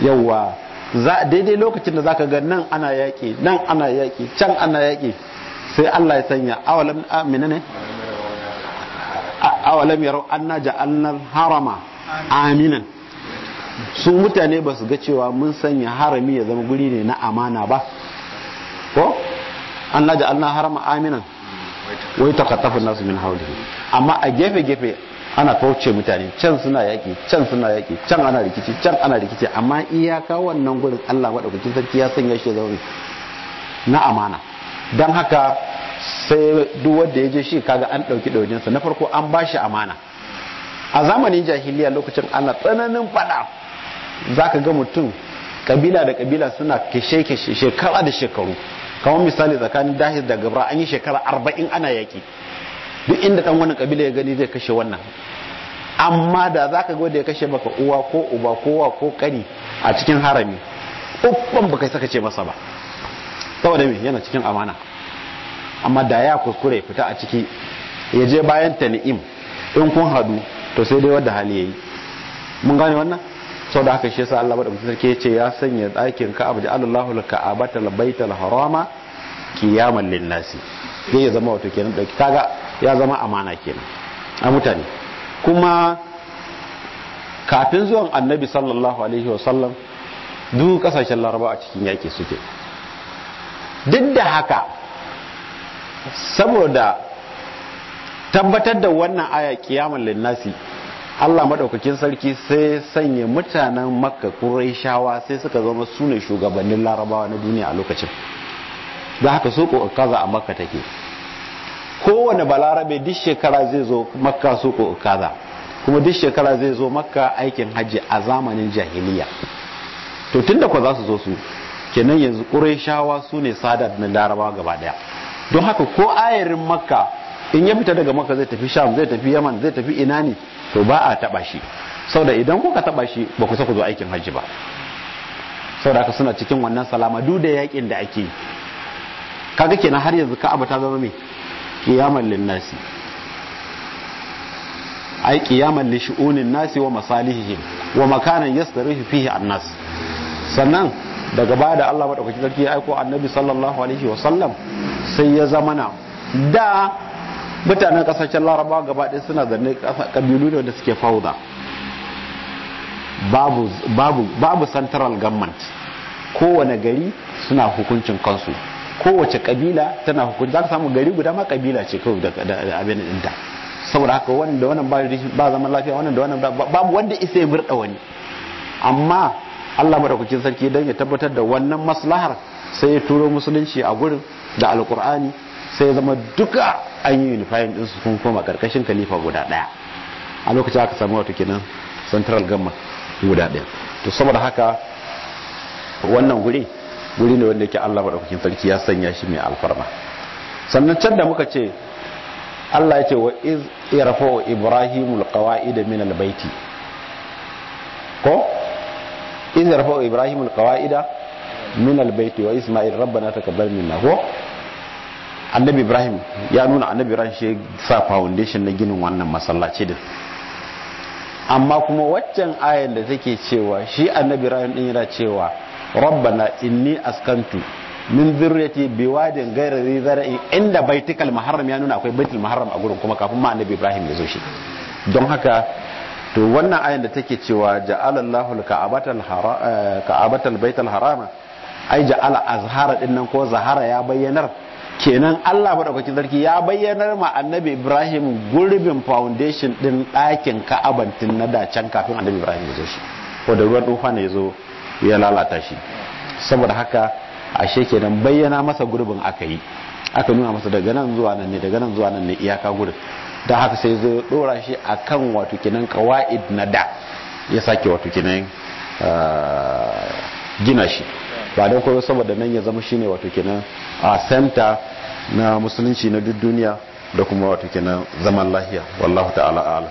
yawa za daidai lokacin da zaka ga nan ana yaƙi nan ana yaƙi can ana yaƙi sai Allah ya sanya awalam amina ne awalam yarau anna ja'alna harama aminan su mutane ba su ga cewa mun sanya harami ya zama guri ne na amana ba ko anna ja'alna harama aminan wai taqattafu nasu min hawlihi amma a gefe gefe ana kauce mutane can suna yaƙi can suna yaƙi can ana rikici can ana rikici amma iyaka wannan gurin Allah maɗaukakin sarki ya sanya shi zaune na amana don haka sai duk wanda ya je shi kaga an ɗauki ɗaujinsa na farko an ba shi amana a zamanin jahiliya lokacin ana tsananin faɗa za ka ga mutum kabila da kabila suna kishe-kishe shekara da shekaru kamar misali tsakanin dahis da gabra an yi shekara arba'in ana yaƙi duk inda dan wannan kabila ya gani zai kashe wannan amma da za ka gode ya kashe maka uwa ko uba ko wa ko kani a cikin harami uban baka saka ce masa ba saboda me yana cikin amana amma da ya kuskure fita a ciki ya je bayan ta ni'im in kun haɗu to sai dai wadda hali yayi mun gane wannan sau da haka shi yasa Allah madaukakin sarki ya ce ya sanya ɗakin Ka'aba da Allahu al-Ka'abata al-Baital Harama qiyaman lin-nasi zai zama wato kenan dauki kaga ya zama amana kenan a mutane kuma kafin zuwan annabi sallallahu alaihi wasallam duk kasashen laraba a cikin yaki suke duk da haka saboda tabbatar da wannan aya kiyamun linnasi Allah maɗaukakin sarki sai sanya mutanen makka kurai shawa sai suka zama sune shugabannin larabawa na duniya a lokacin da haka so kaza a makka take kowane balarabe duk shekara zai zo makka su ko kaza kuma duk shekara zai zo makka aikin hajji a zamanin jahiliya to da ko za su zo su kenan yanzu ƙurayshawa su ne sadar na laraba gaba daya don haka ko ayarin makka in ya fita daga makka zai tafi sham zai tafi yaman zai tafi ina ne to ba a taba shi da idan kuka taba shi ba ku ku zo aikin hajji ba da haka suna cikin wannan salama duk da yakin da ake kaga kenan har yanzu ka ta zama mai qiyaman linnasi ay kiyaman li shu'unin nasi wa masalihihim wa makanan yastarihu fihi annas sannan daga baya da Allah madaukaki sarki ya aiko annabi sallallahu alaihi wa sallam sai ya zamana da mutanen kasashen laraba gaba ɗaya suna zanne kabilu ne wanda suke fauda babu babu babu central government kowane gari suna hukuncin kansu kowace kabila tana hukunci za ka samu gari guda ma kabila ce kawai da abin ɗinta saboda haka wannan da wannan ba zaman lafiya wannan da wannan babu wanda isa ya murɗa wani amma Allah madaukakin sarki don ya tabbatar da wannan maslahar sai ya turo musulunci a gurin da alkur'ani sai ya zama duka an yi unifayin din su kun koma karkashin kalifa guda daya a lokacin aka samu wato kenan central gama guda daya to saboda haka wannan guri guri ne wanda yake Allah madaukakin sarki ya sanya shi mai alfarma sannan can da muka ce Allah ya ce wa iz yarfa'u ibrahimul qawaid min albayti ko iz yarfa'u ibrahimul qawaida min albayti wa isma'il rabbana takabbal minna ko annabi ibrahim ya nuna annabi ran shi sa foundation na ginin wannan masallaci din amma kuma waccan ayan da take cewa shi annabi ran din yana cewa rabbana inni askantu min zurriyati biwadin ghayra dhi zar'i inda baitikal muharram ya nuna akwai baitul muharram a gurin kuma kafin ma annabi ibrahim ya zo shi don haka to wannan ayan da take cewa ja'alallahu al-ka'abatal haram eh, ka'abatal baital harama ai ja'ala azhara din nan ko zahara ya bayyanar kenan Allah madaukakin sarki ya bayyanar ma annabi ibrahim gurbin foundation din ɗakin ka'abantin na da can kafin annabi ibrahim ya zo shi ko da ruwan dufa ne ya zo ya lalata shi saboda haka ashe kenan bayyana masa gurbin aka yi aka nuna masa daga nan zuwa nan ne daga nan zuwa nan ne iyaka gurbin don haka sai zo dora shi a kan wato kinan kawa'id na da ya sake wato kinan ah, gina shi ba don koyo saboda nan ya zama shi ne wato kinan a senta na musulunci na duk duniya da kuma wato kinan zaman lahiya wallahu ta'ala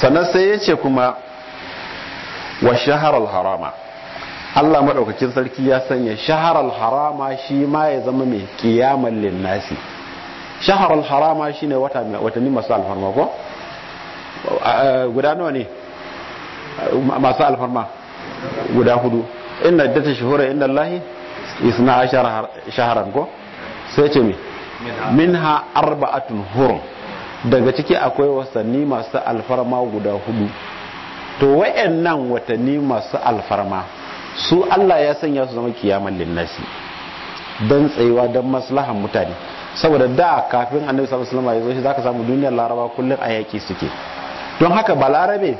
sannan sai ya ce kuma wa shaharar harama Allah madaukakin sarki ya sanya shaharar harama shi ma ya zama mai kiyamar linnasi shaharar harama shi wata watanni masu alfarma ko guda nawa ne masu alfarma guda hudu inna ta shahura inda Allah isna a shaharar ko sai ce ha minha arba'atun hurum daga ciki akwai wasanni masu alfarma guda hudu to nan watanni masu alfarma su Allah ya sanya su zama kiyaman linnasi don tsayuwa don maslahan mutane saboda da kafin annabi sallallahu alaihi wasallam ya zo shi zaka samu duniyar laraba kullum a yaki suke don haka balarabe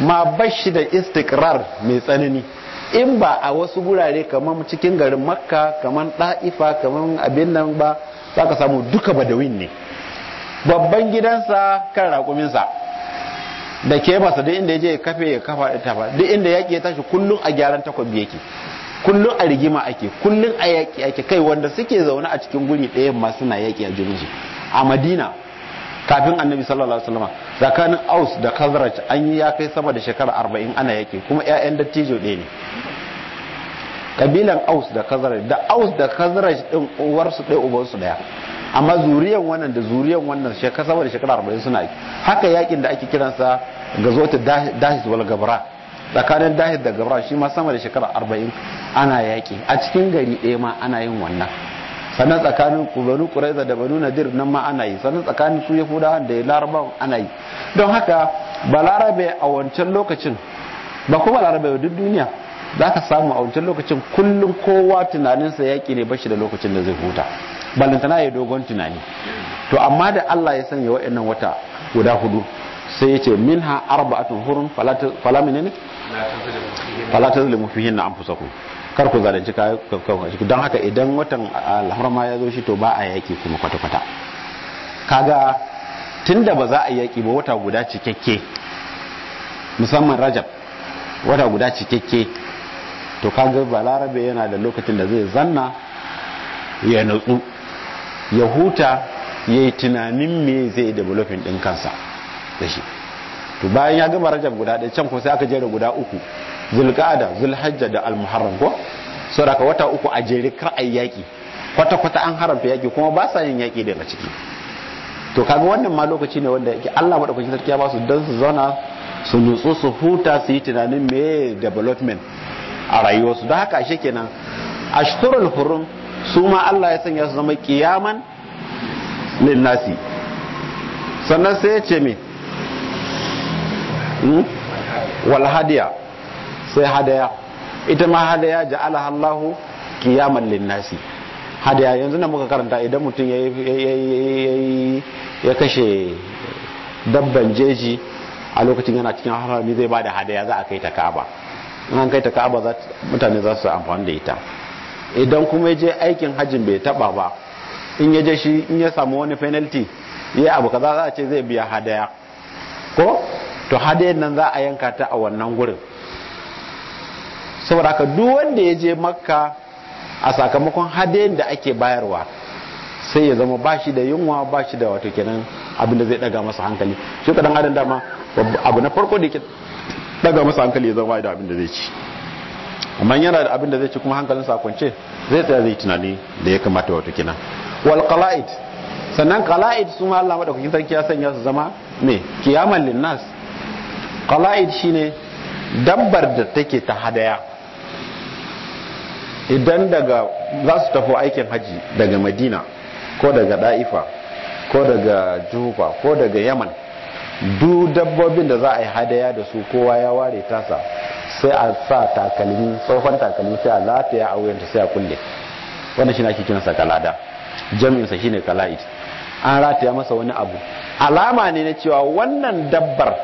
ma bashi da istikrar mai tsanani in ba a wasu gurare kamar cikin garin makka kamar da'ifa kamar abin nan ba zaka samu duka badawin ne babban gidansa kan raƙuminsa da ke kebarsa duk inda ya je ya kafe ya kafa da tafa duk inda yaƙi ya tashi kullum a gyaran takobi yake kullum a rigima ake kullum a yaƙi ake kai wanda suke zaune a cikin guri ɗaya ma suna yaƙi a jirgin a madina kafin annabi sallallahu alaihi wasallam tsakanin aus da khazraj an yi ya kai sama da shekara arba'in ana yaƙi kuma ƴaƴan dattijo ɗaya ne kabilan aus da khazraj da aus da khazraj ɗin uwarsu ɗaya ubansu ɗaya amma zuriyan wannan da zuriyan wannan shekara saboda shekara arba'in suna yi haka yakin da ake kiransa ga zota dahis wal gabra tsakanin dahis da gabra shi ma sama da shekara arba'in ana yaki a cikin gari ɗaya ma ana yin wannan sannan tsakanin Kubanu quraiza da banu nadir nan ma ana yi sannan tsakanin su yahuda da laraba ana yi don haka balarabe a wancan lokacin ba kuma balarabe duk duniya za ka samu a wancan lokacin kullum kowa tunaninsa yaƙi ne bashi da lokacin da zai huta ballantana ya dogon tunani to amma da Allah ya sanya wa'annan wata guda hudu sai ya ce minha arba'atun hurun fala falatar fala tazlimu fihin na an ku kar ku zalunci kanku don haka idan watan alharma ya zo shi to ba a yaki kuma kwata kwata kaga da ba za a yaki ba wata guda cikakke musamman rajab wata guda cikakke to kaga balarabe yana da lokacin da zai zanna ya nutsu ya huta ya yi tunanin me zai developin ɗin kansa da shi to bayan ya gama rajab guda ɗaya can kuma sai aka jera guda uku zulqa'ada zulhajja da almuharram ko saboda wata uku a jere kar a yaƙi kwata kwata an haramta yaƙi kuma ba sa yin yaƙi daga ciki to kaga wannan ma lokaci ne wanda yake Allah madaukakin sarki ya ba su dan su zauna su nutsu su huta su yi tunanin me development a rayuwarsu don haka ashe kenan ashturul hurum su ma Allah ya sanya su zama kiyaman linnasi sannan sai ya ce me hmm? wal hadiya sai hadaya ita ma hadaya ja'ala Allah kiyaman linnasi hadaya yanzu na muka karanta idan mutum ya kashe dabban jeji a lokacin yana cikin harami zai bada da hadaya za a kai ta ka'aba in an kai ta ka'aba mutane za su amfani da ita idan kuma ya je aikin hajjin bai taba ba in ya je shi in ya samu wani penalty ya abu kaza za a ce zai biya hadaya ko to hadayan nan za a yanka ta a wannan gurin saboda haka duk wanda ya je makka a sakamakon hadayan da ake bayarwa sai ya zama bashi da yunwa bashi da wato kenan abin da zai daga masa hankali shi kadan adam dama abu na farko da ke daga masa hankali ya zama da abin da zai ci amma yana da abin da zai ci kuma hankalin sa kwance zai tsaya zai tunani da ya kamata wato kina wal qala'id sannan qala'id su ma Allah madaukakin sarki ya sanya su zama me kiyaman linnas qala'id shine dambar da take ta hadaya idan daga za su tafi aikin haji daga Madina ko daga Da'ifa ko daga Juba ko daga Yaman duk dabbobin da za a yi hadaya da su kowa ya ware tasa sai a sa takalmi tsohon takalmi sai a lafiya a wuyanta sai a kulle wannan shi na ake kinsa kalada jami'insa ne kala'id an rataya masa wani abu alama ne na cewa wannan dabbar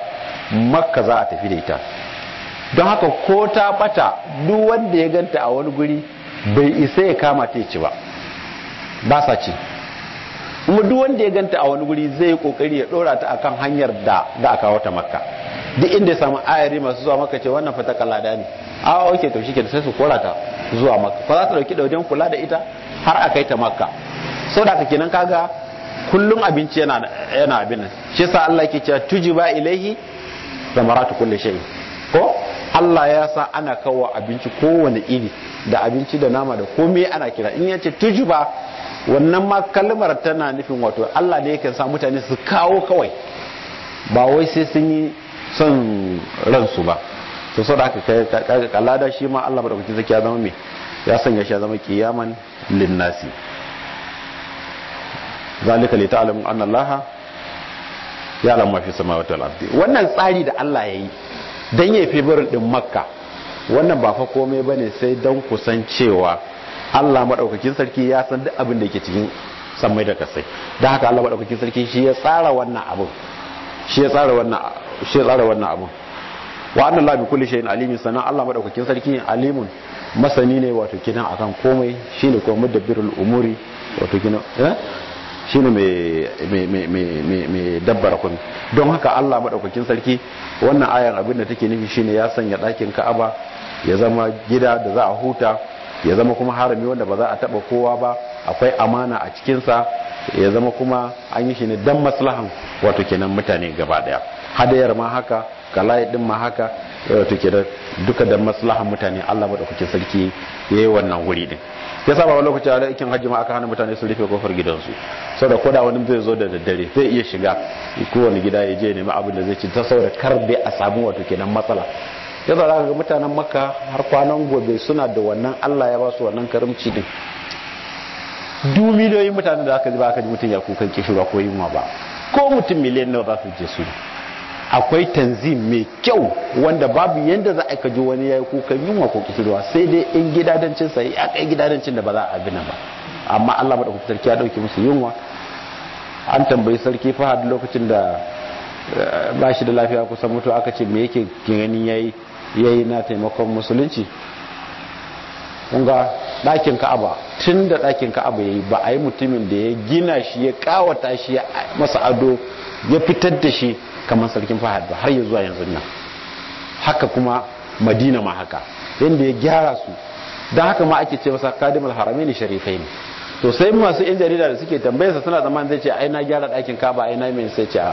makka za a tafi da ita don haka ko ta bata duk wanda ya ganta a wani guri bai isa ya kama ta ci ba ba sa ci kuma duk wanda ya ganta a wani wuri zai kokari ya dora ta akan hanyar da za a kawo ta makka duk inda ya samu ayari masu zuwa maka ce wannan fata kallada ne a oke to shike sai su kora ta zuwa makka fa za ta dauki daujen kula da ita har a kai ta makka saboda haka kenan kaga kullum abinci yana yana abin nan shi yasa Allah yake cewa tujiba ilaihi zamaratu kulli shay ko Allah ya sa ana kawo abinci kowane iri da abinci da nama da komai ana kira in ya yace tujuba wannan ma kalmar tana nufin wato Allah ne yake sa mutane su kawo kawai ba wai sai sun yi son ransu ba to aka haka kaga kalada shi ma Allah madaukakin zaki ya zama me ya sanya shi ya zama kiyaman linnasi zalika li ta'lamu anna Allah ya ma fi samawati wal ardi wannan tsari da Allah yayi dan yafi burin din Makka wannan ba fa komai bane sai dan kusancewa cewa Allah maɗaukakin sarki ya san duk abin da yake cikin mai da kasai don haka Allah maɗaukakin sarki shi ya tsara wannan abin shi ya tsara wannan shi ya tsara wannan abin wa anna la bi kulli shay'in alimin sanan Allah maɗaukakin sarki alimun masani ne wato kinan akan komai shine ko mudabbirul umuri wato kinan eh shine mai mai mai mai dabbara kun don haka Allah maɗaukakin sarki wannan ayar abin da take nufi shine ya sanya ɗakin Ka'aba ya zama gida da za a huta ya zama kuma harami wanda ba za a taba kowa ba akwai amana a cikinsa ya zama kuma an yi shi ne don maslahan wato kenan mutane gaba daya hadayar ma haka kalayi din ma haka wato kenan duka don maslahan mutane allah kuke sarki ya yi wannan wuri din ya saba wani lokaci a aikin hajji ma aka hana mutane su rufe kofar gidansu sau da koda wani zai zo da daddare zai iya shiga kowane gida ya je nemi abin da zai ci ta sau da kar dai a samu wato kenan matsala ya zara ga mutanen makka har kwanan gobe suna da wannan allah ya ba su wannan karimci din du miliyoyin mutanen da aka ji ba aka ji mutum ya kukan kishi ba ko yunwa ba ko mutum miliyan nawa za su je su akwai tanzim mai kyau wanda babu yadda za a ka ji wani ya yi kukan yunwa ko kishirwa sai dai in gidadancin sai a kai gidadancin da ba za a bi nan ba amma Allah da kuka sarki ya dauke musu yunwa an tambayi sarki Fahad lokacin da eh, ba shi da lafiya kusan mutu aka ce me yake ya yi. ya yi na taimakon musulunci kunga ɗakin ka'aba tun da ɗakin ka'aba ya yi ba a yi mutumin da ya gina shi ya kawata shi ya masa ado ya fitar da shi kamar sarkin fahad ba har ya zuwa yanzu nan haka kuma madina ma haka yadda ya gyara su don haka ma ake ce masa kadim harami ne sharifai ne to sai masu yan jarida da suke sa suna zaman zai ce ai na gyara ɗakin ka'aba ai na mai sai ce a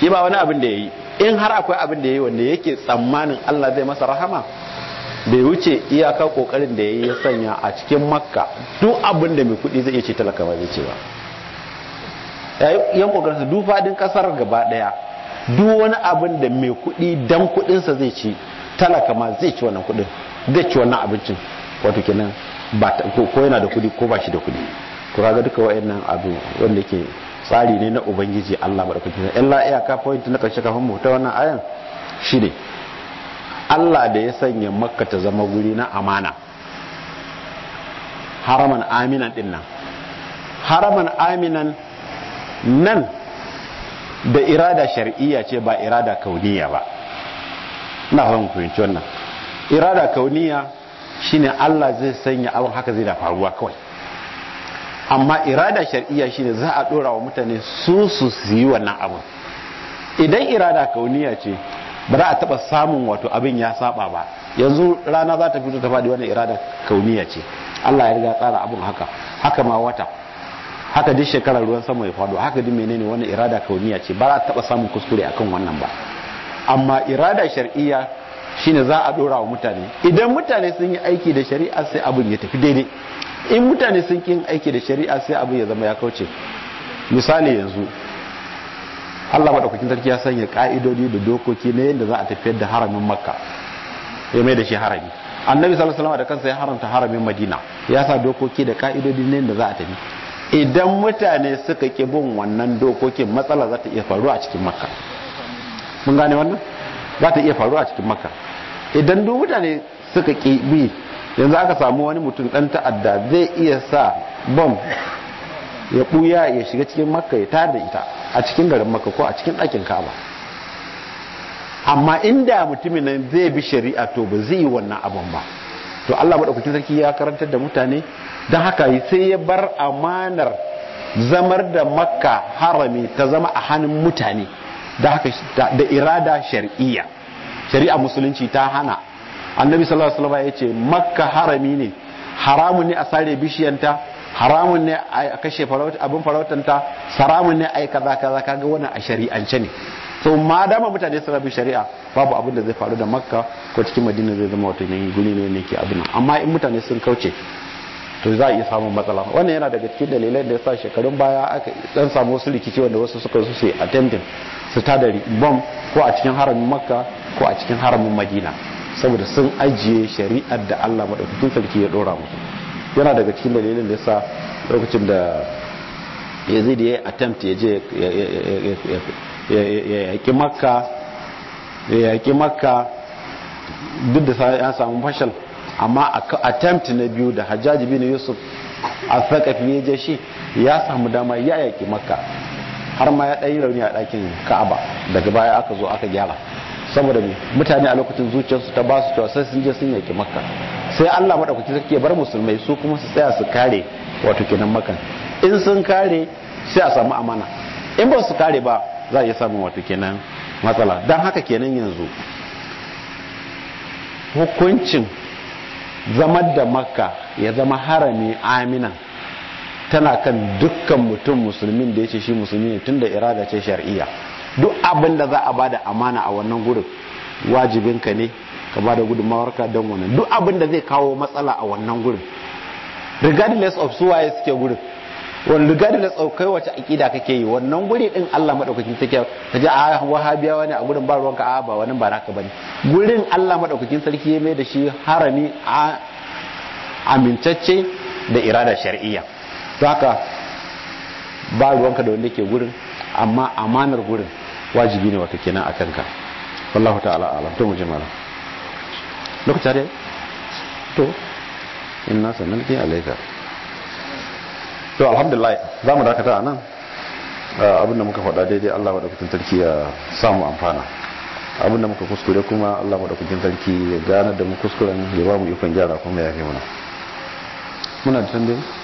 ke ba wani abin da ya yi in har akwai abin da yi wanda yake tsammanin Allah zai masa rahama bai wuce iyaka kokarin da ya ya sanya a cikin makka duk abin da mai kudi zai iya ce talaka ba zai ce ba yan kokarin sa duk fadin kasar gaba daya duk wani abin da mai kudi dan kudin sa zai ci talaka ma zai ci wannan kudin zai ci wannan abincin wato kenan ko yana da kudi ko ba shi da kudi to kaga duka wayannan abu wanda yake tsari ne na ubangiji Allah madaukakin sarki illa iyaka point na karshe kafin mu ta wannan ayan shi ne Allah da ya sanya Makka ta zama guri na amana haraman aminan din nan haraman aminan nan da irada shar'iyya ce ba irada kauniya ba na fahimci wannan irada kauniya shine Allah zai sanya abin haka zai da faruwa kawai amma irada shar'iyya shine za a dora wa mutane su su yi wannan abin idan irada kauniya ce ba za a taba samun wato abin ya saba ba yanzu rana za ta fito ta faɗi wannan irada kauniya ce Allah ya riga tsara abin haka haka ma wata haka duk shekarar ruwan sama ya faɗo haka duk menene wannan irada kauniya ce ba za a taba samun kuskure akan wannan ba amma irada shar'iyya shine za a dora wa mutane idan mutane sun yi aiki da shari'a sai abin ya tafi daidai in mutane sun kin aiki da shari'a sai abu ya zama ya kauce misali yanzu Allah madaukakin sarki ya sanya ka'idodi da dokoki na yadda za a tafiyar da haramin makka ya mai da shi harami annabi sallallahu alaihi da kansa ya haramta haramin madina ya sa dokoki da ka'idodi na yadda za a tafi idan mutane suka ki bin wannan dokokin matsala za ta iya faruwa a cikin makka mun gane wannan za ta iya faruwa a cikin makka idan duk mutane suka ki bi yanzu aka samu wani mutum dan ta'adda zai iya sa bom ya buya ya shiga cikin makka ya tada ita a cikin garin makka ko a cikin ɗakin kaba amma inda mutumin nan zai bi shari'a to ba zai yi wannan abin ba to Allah madaukakin sarki ya karantar da mutane don haka sai ya bar amanar zamar da makka harami ta zama a hannun mutane da irada shari'iyya shari'a musulunci ta hana annabi sallallahu alaihi wasallam ya ce makka harami ne haramun ne a sare bishiyanta haramun ne a kashe abin farautanta haramun ne a yi kaza kaza kaga wannan a shari'ance ne so ma ma mutane suna bi shari'a babu abin da zai faru da makka ko cikin madina zai zama wata yanayi guri ne ne abin amma in mutane sun kauce to za a iya samun matsala wannan yana daga cikin dalilai da ya sa shekarun baya aka dan samu wasu rikici wanda wasu suka su sai attempting su tada bom ko a cikin haramin makka ko a cikin haramin madina saboda sun ajiye shari'ar da Allah madaukakin sarki ya dora musu yana daga cikin dalilin da yasa lokacin da Yazid ya yi attempt ya je ya yaki Makka ya yaki Makka duk da ya samu fashal amma attempt na biyu da Hajjaji bin Yusuf a thaqafi ya je shi ya samu dama ya yaki Makka har ma ya ɗanyi rauni a ɗakin ka'aba daga baya aka zo aka gyara saboda mutane a lokacin zuciyarsu ta ba su cewa sai sun je sun yake makka sai Allah madaukaki sarki bar musulmai su kuma su tsaya su kare wato kenan makka in sun kare sai a samu amana in ba su kare ba za a yi samun wato kenan matsala don haka kenan yanzu hukuncin zamar da makka ya zama harami Amina tana kan dukkan mutum musulmin da ya ce shi musulmi ne tun da irada ce shar'iyya duk abin da za a bada amana a wannan gurin wajibinka ne ka bada gudunmawarka don wannan duk abin da zai kawo matsala a wannan gurin regardless of su waye suke gurin wani regardless of kai wace akida kake yi wannan guri din Allah madaukakin take ta ji a ah, wahabiyawa ne a gurin ba ruwanka a ah, ba wani ba naka bane gurin Allah madaukakin sarki ya mai da shi harami a amintacce da irada shar'iyya to haka ba ruwanka da wanda ke gurin amma amanar gurin wajibi ne wata kenan a kanka wallahu ta'ala alam to mu ji mana lokaci dai to inna sanalki alayka to alhamdulillah za mu dakata anan ah, da muka faɗa daidai Allah madaukakin sarki ya samu amfana da muka kuskure kuma Allah madaukakin sarki ya gane da mu kuskuren ya ba mu ikon gyara kuma ya kai mana muna da tambayi